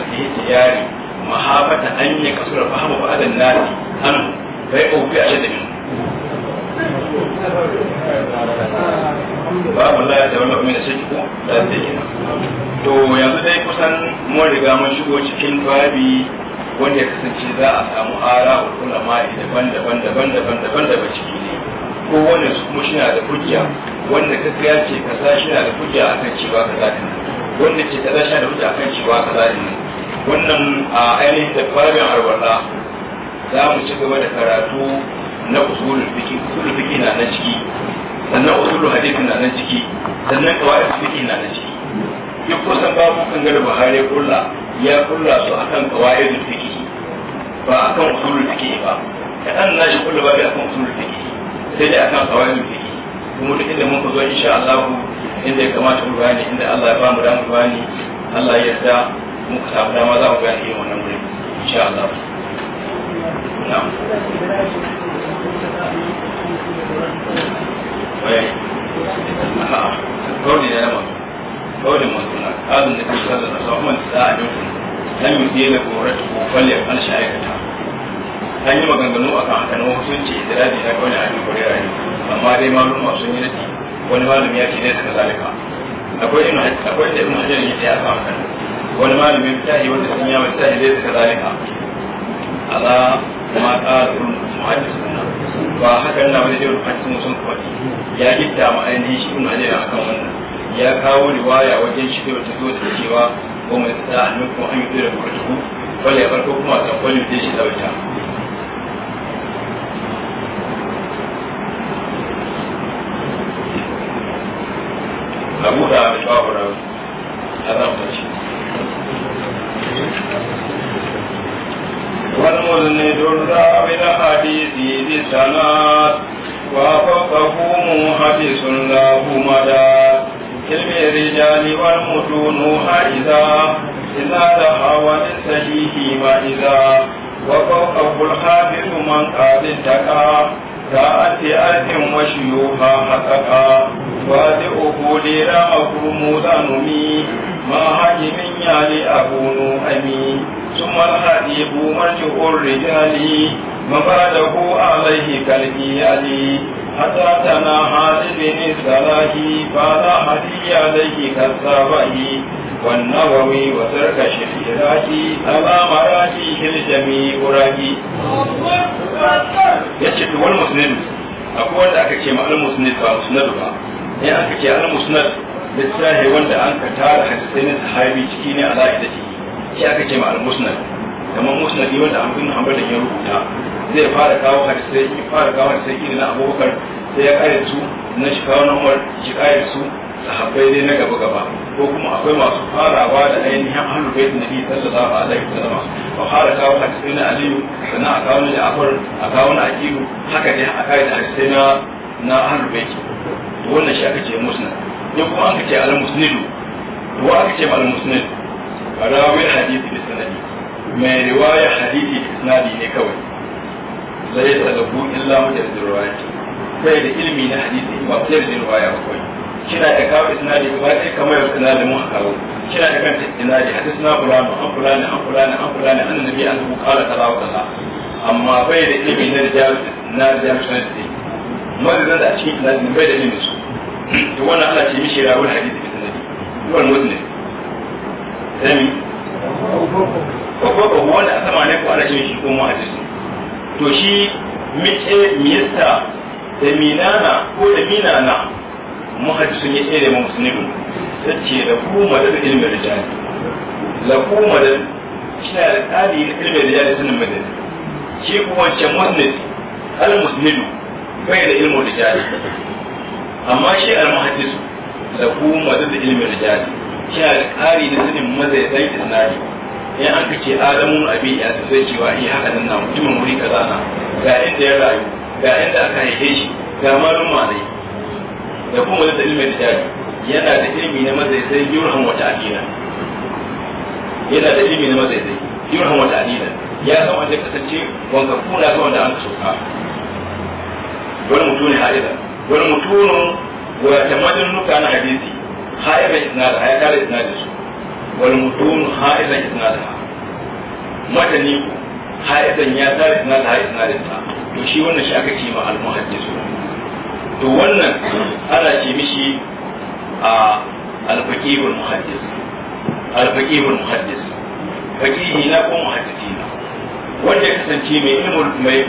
yari mahafata an yi kasura fahimu ba'adan nasi an bai ofi a yadda min babu la da wani mai da shi ko da take to yanzu dai kusan mun riga mun shigo cikin babi wanda ya kasance za a samu ara ulama daban-daban daban-daban daban-daban ciki ne ko wanda su kuma shina da hujja wanda ka ga ce kaza shina da a kan cewa kaza din wanda ce kaza shina da a kan cewa kaza din wannan a ainihin tafabin alwala za mu ci gaba da karatu na usulul fiki usulul fiki na nan ciki sannan usulul hadisi na nan ciki sannan kawai fiki na nan ciki duk kusan babu kan gada Buhari kulla ya kulla su akan kawai fiki ba akan usulul fiki ba kadan na shi kulla ba akan usulul fiki sai dai akan kawai fiki kuma duk inda mun zo insha Allah inda ya kamata mu bayani inda Allah ya ba mu da bayani Allah ya yarda muka samu dama za mu bayani irin wannan wuri insha Allah na'am wai a'a da masu da da a yau ko falle yi akan da na kawai a yau kore rayu amma dai malum sun yi nasi akwai ibn akwai da ya ce a kan hakanin wani malami mutahi wanda sun yawa mutahi zai suka zalika ala ma ƙara sun muhajji suna ba haka na wani jirin hajji sun kwaɗi ya gitta ma ainihin shi ibn hajar akan wannan ya kawo riwaya wajen shi wata zo da cewa ko mai tsada annabi ko an yi da kurkuku wala ya farko kuma a san kwalin da shi da wata السماء وفقهم حديث الله مدى كلم الرجال والمتون حائزا إذا دعا وللسجيه وإذا وفقه الحافظ من قاد الدكا كأت أرض وشيوها حتكا وادئه لراه ذنمي ما هجم يالي أكون أمي ثم الحديث مرجع الرجال مفاده عليه كالإيال حتى تناحى لبن الصلاح فلاحت عليه كالصبح والنووي وترك الشراك أما مراكي الجميع راكي يشك والمسند أقول لك شيء المسند فمسند in aka ce al musnad littafi wanda an ka tara hadisin sahabi ciki ne a zahiri shi aka ce ma al musnad kamar musnadi wanda an bin hanbal ya rubuta zai fara kawo hadisai yi fara kawo hadisai irin na abubakar sai ya kare su na shi kawo na umar shi kare su sahabbai dai na gaba gaba ko kuma akwai masu farawa da ainihin ahlul bayt nabi sallallahu alaihi wasallam wa fara kawo hadisai na aliyu sannan a kawo na ja'far a kawo na aqilu haka dai a kare da hadisai na na ahlul bayt wannan shi aka ce musnad ne kuma aka ce al musnad wa aka ce al musnad rawi hadisi da sanadi mai riwaya hadisi da sanadi ne kawai la ya talabu illa mujarrad riwayati sai da ilmi na hadisi ba sai da riwaya ba kai kina da kawo isnadi ba sai kamar yau isnadi mun kawo kina da kanta isnadi hadisna fulani an fulani an fulani an fulani annabi an ku kala kaza wa kaza amma bai da ilmi na rijal na rijal sanadi madadin da a cikin isnadi bai da ilmi su to wannan ana ce mishi rawul hadisi isnadi wal muslim sami ko ko wanda a sama ne ko ana ce shi ko mu hadisi to shi mice miyasta da minana ko da minana muhaddisun ya tsere mu ta ce da ku madad ilmin rijali la kuma da kina da tsari da ilmin rijali sunan madad shi kuma wancan musnid al musnidu bai da ilmin rijali amma shi al muhaddisu la kuma da ilmin rijali kina da tsari da sunan madad da isnadi in an ce adamu abi ya sai cewa eh haka nan na mutumin wuri kaza na ga inda ya rayu ga inda aka haife shi ga malum malai da kuma da ilmi da ya yana da ilmi na mazai sai yurhan wata aqida yana da ilmi na mazai sai yurhan wata aqida ya san wanda kasance wanka kuna ga wanda an soka wani mutum ne haida wani mutum wa tamadun nuka na hadisi haɗiɗa isnad ya kare isnad su wal mutun haizan isnadaha matani haizan ya tare da ta, to shi wannan shi aka ce ma al muhaddisu to wannan ana ce mishi a al faqihul muhaddis al faqihul muhaddis faqihi na ko muhaddisi na wanda ya kasance mai ilmul mai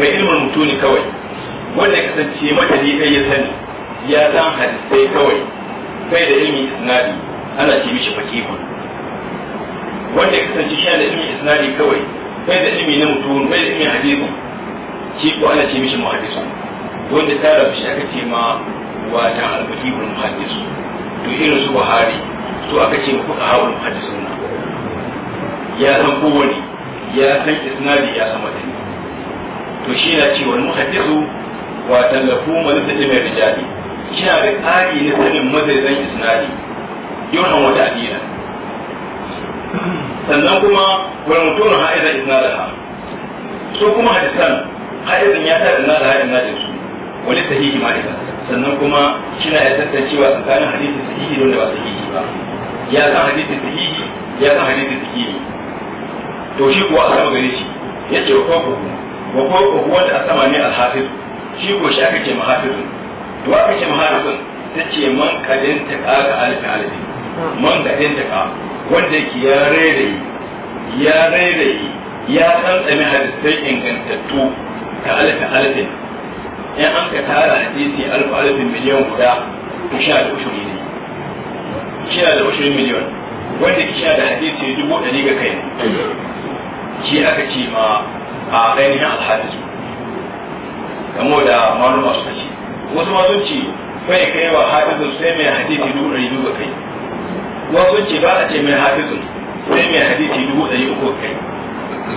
mai ilmul mutuni kawai wanda ya kasance ni ɗaya ya sani ya san hadisai kawai bai da ilmi isnadi ana ce mishi faqihun wanda ya kasance shi da ilimin isnadi kawai bai da ilimi na mutum bai da ilimin hadisi shi ko ana ce mishi muhaddisu wanda ta rabu shi aka ce ma wata al-faqihul muhaddisu to irin su buhari to aka ce fuka hawul muhaddisun ya san kowane ya san isnadi ya san madani to shi na cewa muhaddisu wa tallafu man da mai shi na da tsari na sanin madadin isnadi yawan wata adina sannan kuma wani mutum na da isna da ha su kuma hadisan ha'izan ya sa isna da ha'izan na su wani sahihi ma ita sannan kuma shina ya tantancewa tsakanin hadisi sahihi don da ba sahihi ba ya san hadisi sahihi ya san hadisi sahihi to shi kuwa a sama gare shi ya ce wa kwakwa wa koko wanda a sama ne alhafiz shi ko shi aka ce mahafizun to aka ce mahafizun ta ce man kadin ta ƙara alifin alifin man da hintaka wanda yake ya rairayi ya rairayi ya tsantsami hadisai ingantattu ta alifin alifin in an ka tara hadisi alif alifin miliyan guda ku sha da ushuri ne sha da ushuri miliyan wanda ki sha da hadisi dubu ɗari ga kai shi aka ce ma a ainihin alhadisu kamo da maluma suka ce wasu masu ci ce kai kai wa hadisu sai mai hadisi dubu ɗari ga kai wasu ce ba a ce mai hafizun sai mai hadisi dubu ɗari uku kai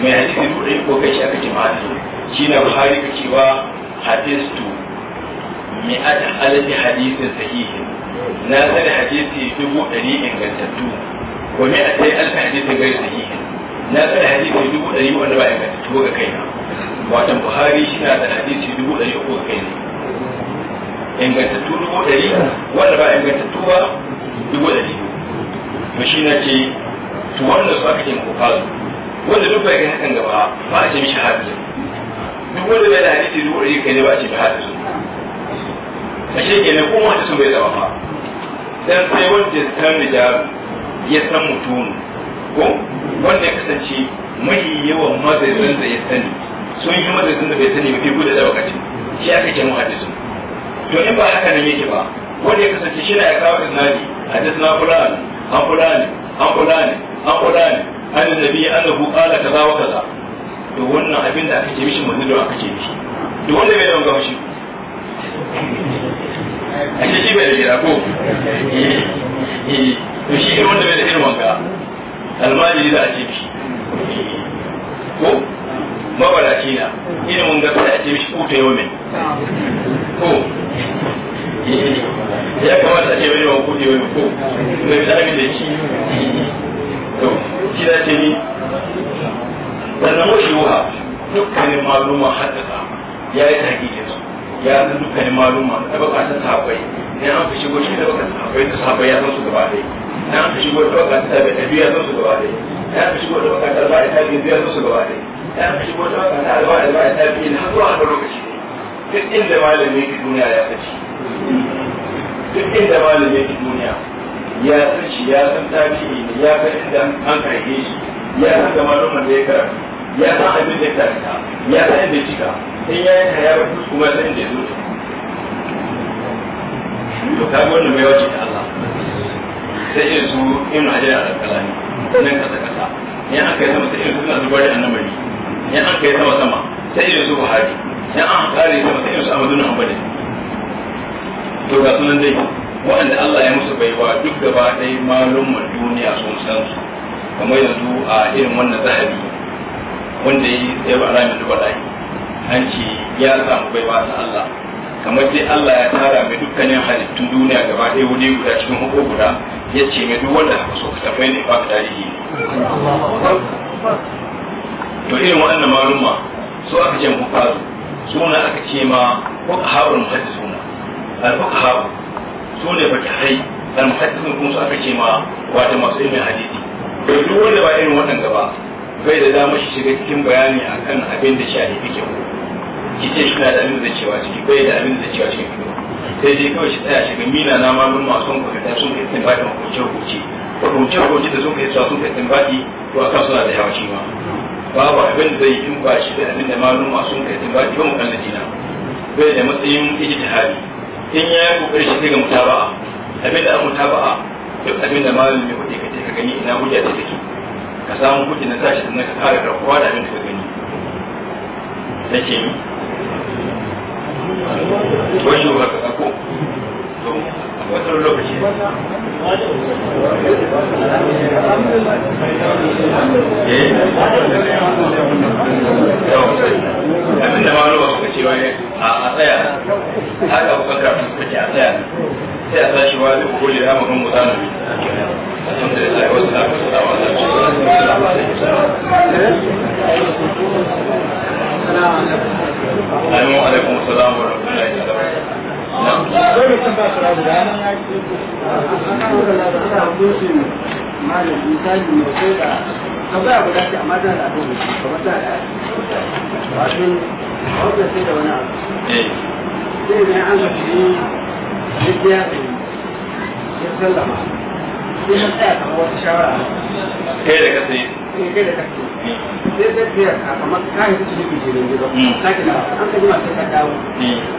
mai hadisi dubu ɗari uku kai shi aka ce ma'adu shi na buhari ka cewa mai mi'at alafi hadisin sahihin na sani hadisi dubu ɗari ingantattu mai a sai alka hadisin gari sahihin na sani hadisi dubu ɗari wanda ba ingantattu ga kai na watan buhari shi na da hadisi dubu ɗari uku ga ne ingantattu dubu ɗari wanda ba ingantattu ba dubu ɗari to shi na ce to wannan su aka ce mu wanda duk bai gani kan gaba ba a ce mishi hadisi duk wanda bai da hadisi duk wani kai ne ba a ce bi hadisi a shi ke ne kuma hadisin bai zama ba dan sai wanda ya san rijalu ya san mutum ko wanda ya kasance mahi yawan mazarin da ya sani sun yi mazarin da bai sani ba fi gudu da wakati shi aka kenan mu hadisin to in ba haka nan yake ba wanda ya kasance shi na ya kawo isnadi hadis na fulani an fulani an fulani an fulani an nabi annahu qala kaza wa kaza to wannan abin da aka ce mishi mun da aka ce mishi to wanda bai yawan gamshi a ce shi bai da gida ko to shi ne wanda bai da irin wanka almajiri da a ce mishi ko mabaraci na ilimin gaba da a ce mishi kuta yau ne ko ya kamata ce wani wani kuɗi wani ko na bi da shi to shi na ce ni sannan wasu yiwuwa dukkanin maluma haddasa ya yi takikin su ya san dukkanin maluma da bakatan sahabbai ne an fi shigo shi da bakatan sahabbai da sahabbai ya san su gaba ɗaya na an fi shigo da bakatan sahabbai da biyu ya san su gaba ɗaya na an fi shigo da bakatan sahabbai da biyu ya san su gaba ɗaya na an fi shigo da bakatan sahabbai da biyu ya san su gaba ɗaya na an fi shigo da bakatan sahabbai da biyu ya san su gaba duk inda malamin ki duniya ya sace duk inda malamin ki duniya ya sace ya san tarihi ne ya san inda an karge shi ya san da malamin da ya karanta ya san abin da ya karanta ya san inda cika in ya yi ya bar kuma ya san inda ya zo to ka ga wannan mai wace ta Allah sai irin su ibn hajar al-asqalani nan kasa kasa in aka yi sama sai irin su suna zubar da annabi in aka yi sama sama sai irin su buhari sai an kare ta mutum yau samu dunan bane to ga sunan dai waɗanda Allah ya musu baiwa duk gaba ɗaya malumman duniya sun san su kamar yanzu a irin wannan zahabi wanda yi sai ba ramin duba an hanci ya samu baiwa ta Allah kamar sai Allah ya tara mai dukkanin halittun duniya gaba ɗaya wuri guda cikin hukun guda ya ce mai duk wanda haka so ka tafai ne ba ka tarihi to irin waɗannan ma so aka ce mu faru suna aka ce ma fuka haɓar mukaddi suna alfuka haɓu su ne baki hai almukaddi suna kuma aka ce ma wata masu ilmin hadisi to duk wanda ba irin wannan gaba bai da dama shi shiga cikin bayani akan abin da shahi yake ku ki ce shi da abin da cewa ciki bai da abin da cewa shi fito sai dai kawai shi tsaya shiga mina na ma mun masu kwakata sun kai tsin baki makwacin ko hukunce ce da sun kai sa sun kai tsin baki to akan suna da yawa ma babu abin zai yi ba shi da abin da malum masu kai ba ki mu kan dina bai da matsayin ijtihadi in ya yi kokari shi ga mutaba'a abin da mutaba'a duk abin da malum ya kuɗi kace ka gani ina hujja ta take ka samu kuɗi na tashi sannan ka fara karkuwa da abin da ka gani nake yi wajen haka ko to wannan lokaci eh? abin da malu ba a tsaya haka kuka kafin ce a tsaya sai a tashi wa mutum kai da kasi eh, kai da kasi sai sai a kamar kayan cikin jirgin ba sake na an kaji masu kadawo hmm.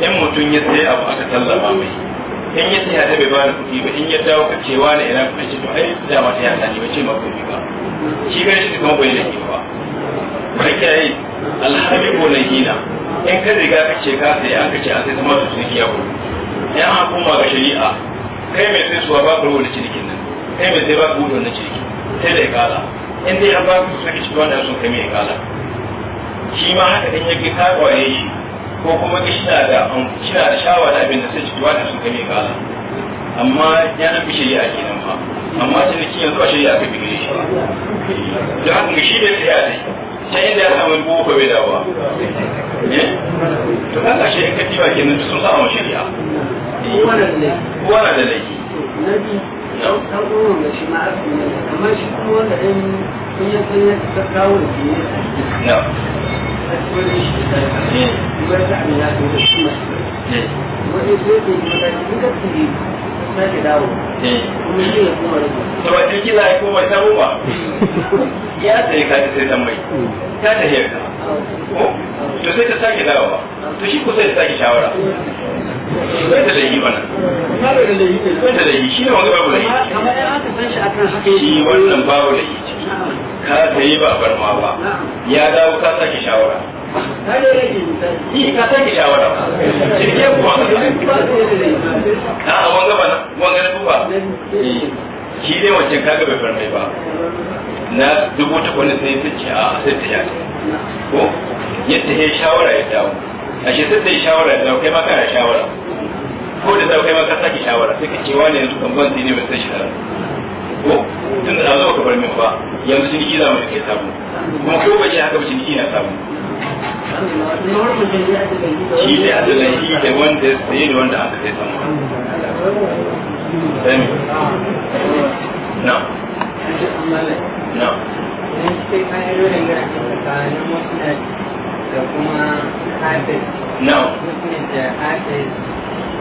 in mutum ya sai abu aka tallafa mai in ya sai ta bai bani kuɗi ba in ya dawo ka cewa na ina kuɗi shi to ai da ma ya sani ba ce ma kuɗi ba shi gare shi kuma bai laifi ba bari kiyaye alhali ko gina in ka riga ka ce ka sai an ka ce an sai zama su ciniki ya kuɗi in an kuma ga shari'a kai mai sai suwa ba ka rubuta cikin nan kai mai sai ba ka rubuta wannan ciniki sai da ya kala in dai an ba ka su ciniki wanda sun kai mai kala shi ma haka in yake ka ya yi ko kuma kina da kina da shawa da abin da sai ciki wata su game ka amma ya nan bishe ya ke nan ba amma sai da kiyan zuwa shari'a ka bigire shi ba da haka shi da ya ne ta inda ya samu boko bai dawa ne eh? to kaga shi ka tiba kenan sun samu shari'a wannan ne da laifi ɗan uwan da shi ma ne amma shi kuma wanda ɗan in ya san ya ta kawo da ke ne a cikin shi da shi kuma ya sa'ani ya kai da shi masu wani zai ke kuma ta cikin gaske ta ke dawo kuma shi ya kuma rubu to a cikin na ya koma ta ruwa ya sai ka ta sai ta ta ta yarda to sai ta sake dawowa to shi kusa ya sake shawara sai ta da yi wannan wanda da yi shi ne wanda babu da yi shi wannan babu da yi ka ta yi ba bar ma ba ya dawo ka sake shawara yi ka sake shawara shirke kuwa a wanga ba wanga na duba shi dai wancan kaga bai farmai ba na dubu ta wani sai ta ce a sai ta yaki ko yadda ya shawara ya dawo ashe sai ta yi shawara ya dawo kai ma kana shawara ko da ta kai maka sake shawara sai ka ce wani yanzu kan ban ne bai sai shi ko tun da zo ka bar min ba yanzu ciniki za mu kai samu kuma ko ba haka ba ciniki na samu shi ne asalin shi da wanda ya saye da wanda aka sai samu na na da kuma hafiz no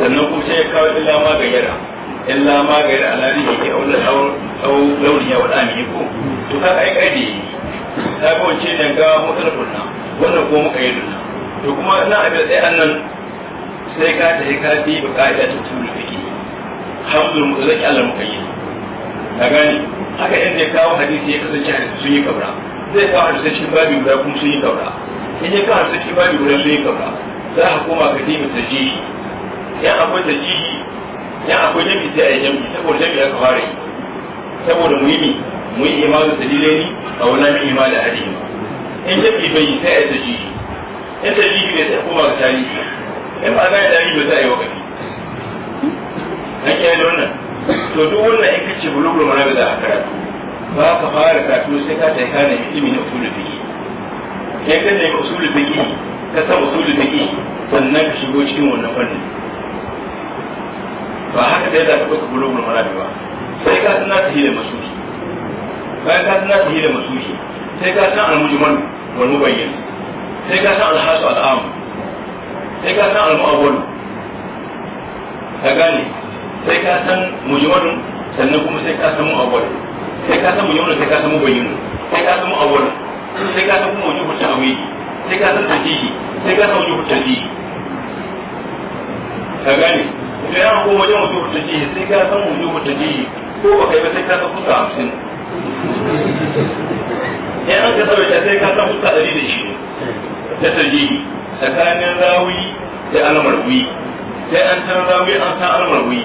sannan kuma sai ya kawo illa ma yara illa ma yara alani ne ke aula tsawon launin ya wada ne ko to ka ai kaidi ta ga wace ne ga mutalafun na wannan ko muka yi dunna to kuma ina abin sai annan sai ka ta ka bi ba kaida ta tulu take hamdul mutalaki Allah muka yi ka gani haka inda ya kawo hadisi ya kasance hadisi sun yi kabra zai kawo hadisi cikin babu guda kuma sun yi kabra in ya kawo hadisi cikin babu guda sun yi kabra za a koma ka dibi tajiri yan akwai da jihi yan akwai jami sai a yi jami saboda jami aka fara yi saboda muhimmi mu yi imanu da dilai a wannan mai imanu da hadin in jami bai yi sai a yi da jihi in ta jihi ne sai kuma ga tarihi in ba za a yi tarihi ba za a yi wakafi an kiyaye da wannan to duk wannan in kace bulugul manabi za a karatu ba ka fara karatu sai ka ta kana mutumi na usulul fiqh sai ka nemi usulul fiqh ka san usulul fiqh sannan ka shigo cikin wannan fannin ba haka dai da kuka bulugul marami ba sai ka tana tahilin masuhi bayan ka tana tahilin masuhi sai ka san al-mujmal wal mubayyin sai ka san al-hasu al-am sai ka san al-mu'awwal ka gane sai ka san mujmalun sannan kuma sai ka san mu'awwal sai ka san mujmalun sai ka san mubayyin sai ka san mu'awwal sai ka san kuma wajibul ta'wili sai ka san tajihi sai ka san wajibul tajihi ka gane ga yawan ko wajen wajen wata jihi sai ka san wajen wata jihi ko ba kai ba sai ka san kusa hamsin ya an ka sarrafa sai ka san kusa ɗari da shi ta tarjihi tsakanin rawi da almarwi sai an san rawi an san almarwi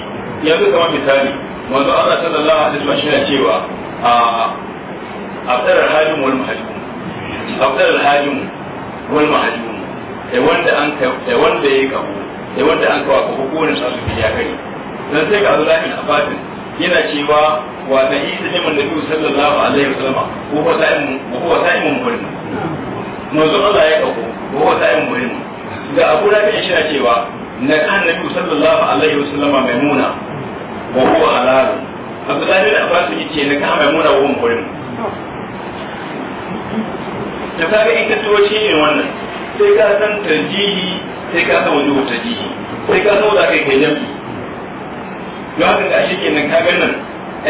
yanzu kamar misali manzo Allah sallallahu alaihi wasallam shi na cewa a abdar al-halim wal mahjum abdar al-halim wal mahjum da wanda an da wanda ya kafu da wanda an kawo ko kowane sasu ya kai dan sai ga Abdullahi bin Abbas yana cewa wa da isa ne manzo sallallahu alaihi wasallam ko wa mu ko wa mu murin manzo Allah ya kawo ko wa mu murin Da Abu Rabi shi na cewa na kan nabi sallallahu alaihi wasallam maimuna wa huwa halal Abdullahi bin Abbas yace na kan maimuna wa murin da kaga in ka tuwo shi ne wannan sai ka san tarjihi sai ka san wani wata ji sai ka san wata kai kai jam'i don haka ga shi kenan ka nan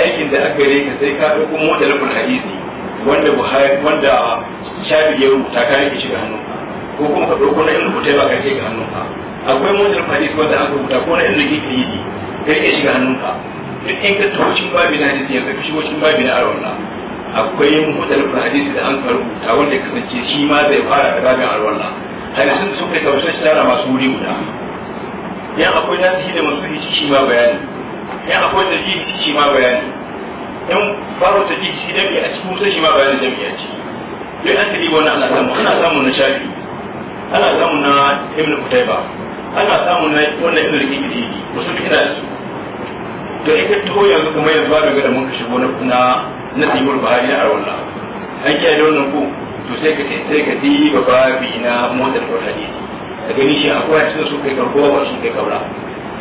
aikin da aka yi ka sai ka ɗauko mota lafin hadisi wanda buhari wanda shafi ya rubuta ka rike shi ga hannun ko kuma ka ɗauko na inda ku ba ka rike ga hannun ka akwai mota lafin hadisi wanda aka rubuta ko na inda ke ke yi ka rike shi ga hannun ka duk in ka taho cikin babi na hadisi yanzu ka shigo cikin babi na arwala akwai mota lafin hadisi da an ka rubuta wanda kasance shi ma zai fara da babin arwala hadisin da suka kawo shi tara masu wuri guda yan akwai nasihi da masu hici shi ma bayani yan akwai da hici shi ma bayani yan baro ta hici shi dami a cikin musa shi ma bayani dami a ciki duk an tafi wannan ana samu ana samu na shafi ana samu na ibn kutaiba ana samu na wannan ibn rikiki wasu kina su to ita to yanzu kuma yanzu ba daga da mun kashe na na nasibul bahari na arwala an kiyaye wannan ko to sai ka sai ka diba babi na motar hadisi da gani shi akwai hadisi su kai karko ba su kai kabra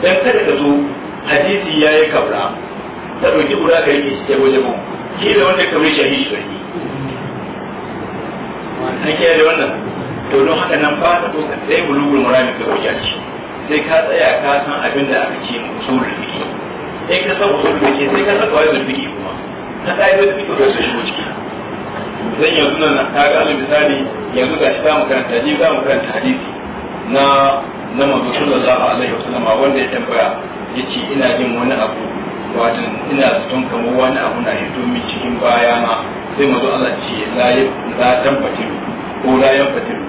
dan kada ka zo hadisi yayi kabra ta dauki guda ka ki sai waje mu ki da wanda kamar shahidi sai ake da wannan to don haka nan ba ta dokar sai bulugul murami ka wuce ci sai ka tsaya ka san abin da aka ce usulul fiqh sai ka san usulul fiqh sai ka san kawai fiqh kuma ka tsaya da fiqh da su shigo ciki zan yanzu nan ta ga alal misali yanzu ga shi za mu karanta ji za mu karanta hadisi na na manzo sallallahu alaihi wasallam wanda ya tambaya yace ina jin wani abu wato ina zaton kamar wani abu na hito min cikin baya ma sai manzo Allah ce la la tabbatin ko za a la yabatin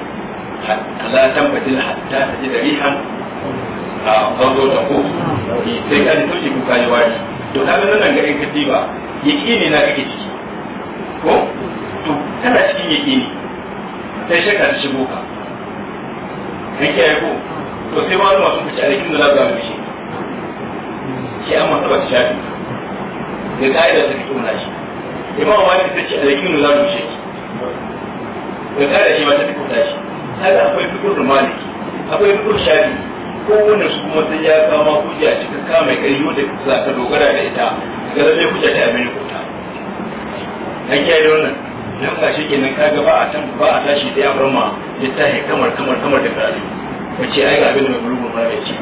la tabbatin hatta taji da rihan a bazo da ko sai ka ji tuki kuka yi wari to kaga nan ga ba katiba yaqini na kake ciki ko kana cikin ne sai shekar ta shigo ka an kiyaye ko to sai ma masu kuce a rikin da za su shi shi an masa ba ta shafi da ka'ida ta fito na shi imam ma ta ce a rikin da za su shi da ka'ida shi ma ta fito na shi kaga akwai da maliki akwai fitur shafi ko wani su kuma sai ya kama hujja cikin kama kariyo da za ka dogara da ita ga zai hujja ta amini kuta an kiyaye wannan don ga shi kenan ka gaba a can ba a tashi da yabar ma littafi kamar kamar kamar da karatu wace ai ga abin da mai bulugun mara ya ce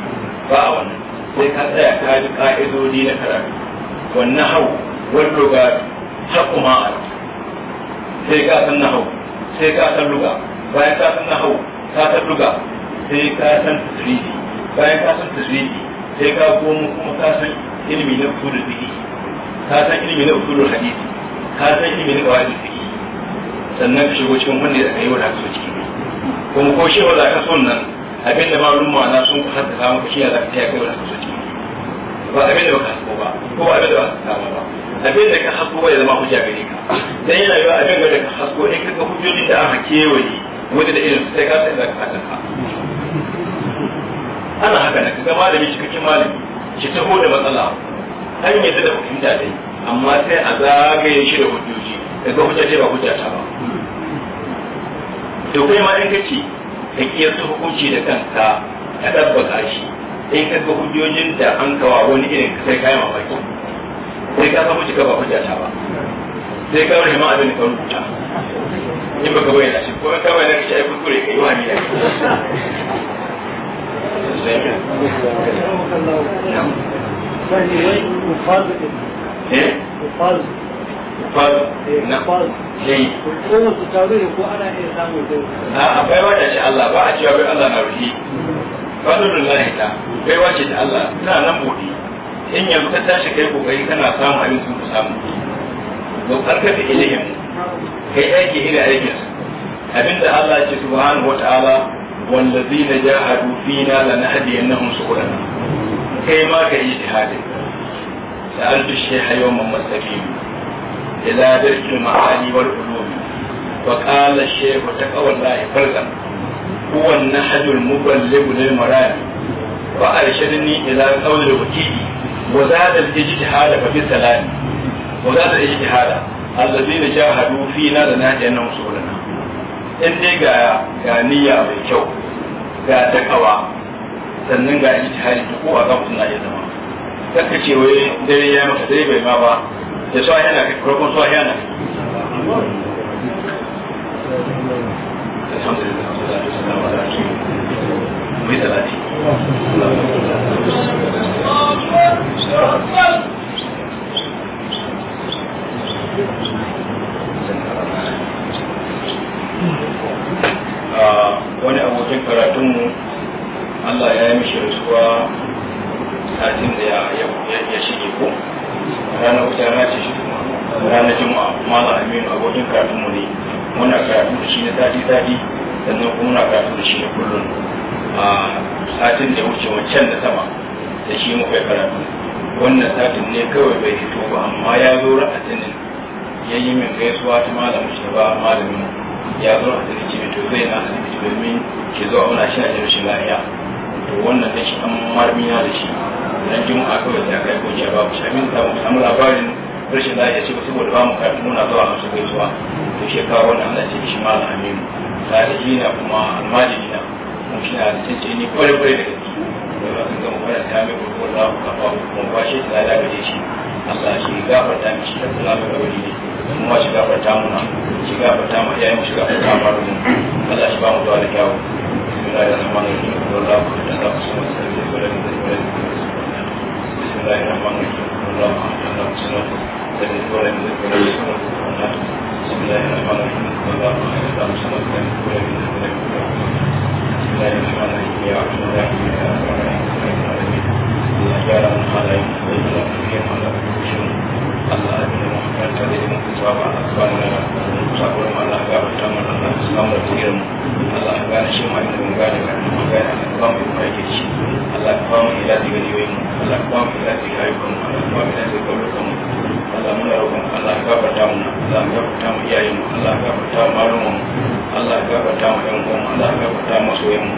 ba a wannan sai ka tsaya ka ji ka'idodi na karatu wannan hau wani luga haƙu ma'al sai ka san na hau sai ka san luga bayan ka san na hau ka san luga sai ka san tasiridi bayan ka san tasiridi sai ka komo kuma ka san ilimi na usulul fiqh ka san ilimi na usulul hadisi ka san ilimi na qawaid fiqh sannan ka shigo cikin wanda aka yi wa so ciki kuma ko shi wa za son nan abin da na ma'ana sun kusa da samu shi ya za ka taya kai wa so ciki ba abin da ba ka hasko ba ko abin da ba ka samu ba abin da ka hasko ba ya zama hujja gare ka dan yana yiwa abin da ka hasko in ka ga hujjoji da aka kewaye wanda da irin sai ka sai za ka haɗa ka ana haka ne ka malami kake malami ki taho da matsala an yadda da hukunta dai amma sai a zagaye shi da hujjoji daga hujja ce ba hujja ta ba to kai ma in kace ka kiyasta hukunci da kanka ka dabbaka shi sai ka ga hujjojin da an kawa wani irin sai kai mamaki sai ka samu cika ba hujja ta ba sai ka rima abin da ka rubuta in baka bayyana shi ko ka bayyana ka shi kai wa ne kwan ko su taru ne ko ana iya samu ko a akwai wata ce Allah ba a cewa bai Allah na rufi. fadlul lahi ta bai wace da Allah ina nan bude in yanzu ka tashi kai kokari kana samu abin sun ku samu to karkata ilihim kai aiki iri aikin su abinda Allah ya ce subhanahu wata'ala wallazina jahadu fina lanahdiyannahum subulana kai ma ka yi jihadin sa'altu shay'a yawman mustaqim إلى درك المعاني والعلوم وقال الشيخ تقوى الله فرزا هو النهج المبلغ للمرام وأرشدني إلى قول الوكيل وزاد الاجتهاد ففي السلام وزاد الاجتهاد الذين جاهدوا فينا لنا أنهم سؤلنا in dai ga ga niyya mai kyau ga takawa sannan ga ijtihadi ko a ga mutum na ya zama kaka ce wai dare ya maka dare bai ma ba ya so yana kai roƙon so yana alhamdulillah salatu wani abokin karatunmu Allah ya yi mishi rasuwa satin da ya shige ko ranar wuta na ce shi ranar juma'a a aminu abokin karatun mu ne muna karatu da shi na sati sati sannan kuma muna karatu da shi na kullum a satin da wuce wancan da sama da shi muka karatu wannan satin ne kawai bai fito ba amma ya zo ra'atinin ya yi min gaisuwa ta malam shi ba malamin ya zo ra'atinin ce to zai na asibiti domin ke zuwa a wani shi a jirgin lafiya to wannan da shi an marmina da shi dan juma'a kawai ta kai koji a babu shi amin samu samu labarin rashin lafiya ce saboda ba mu karatu muna zuwa masu gaisuwa to shi kawo wannan Allah ce shi malam amin tarihi na kuma almajiri na mun shi na tsince ni kware kware da gaske da ba sun gama wannan ta mai gurgur da ku kafa ku ba shi da da gaje shi Allah shi gafarta mi shi da salamu da wani ne kuma shi gafarta muna shi gafarta mu yayin shi gafarta mu Allah shi ba mu da kyawu بسم الله الرحمن الرحيم والله أكبر الله أكبر الله أكبر Bismillahir Rahmanir Rahim. Bismillahirrahmanirrahim. Bismillahirrahmanirrahim. Bismillahirrahmanirrahim. Allah gafarta mu yan uwan Allah gafarta masoyan mu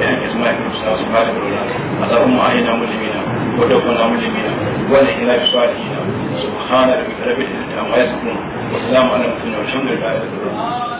yan ke suna yake suna su fara a zarun ma'ayi na mulimi na ko da kuma na mulimi na wannan ina fi suwa da su hana da bi karfi su kuma wasu mutum yaushen gari da ya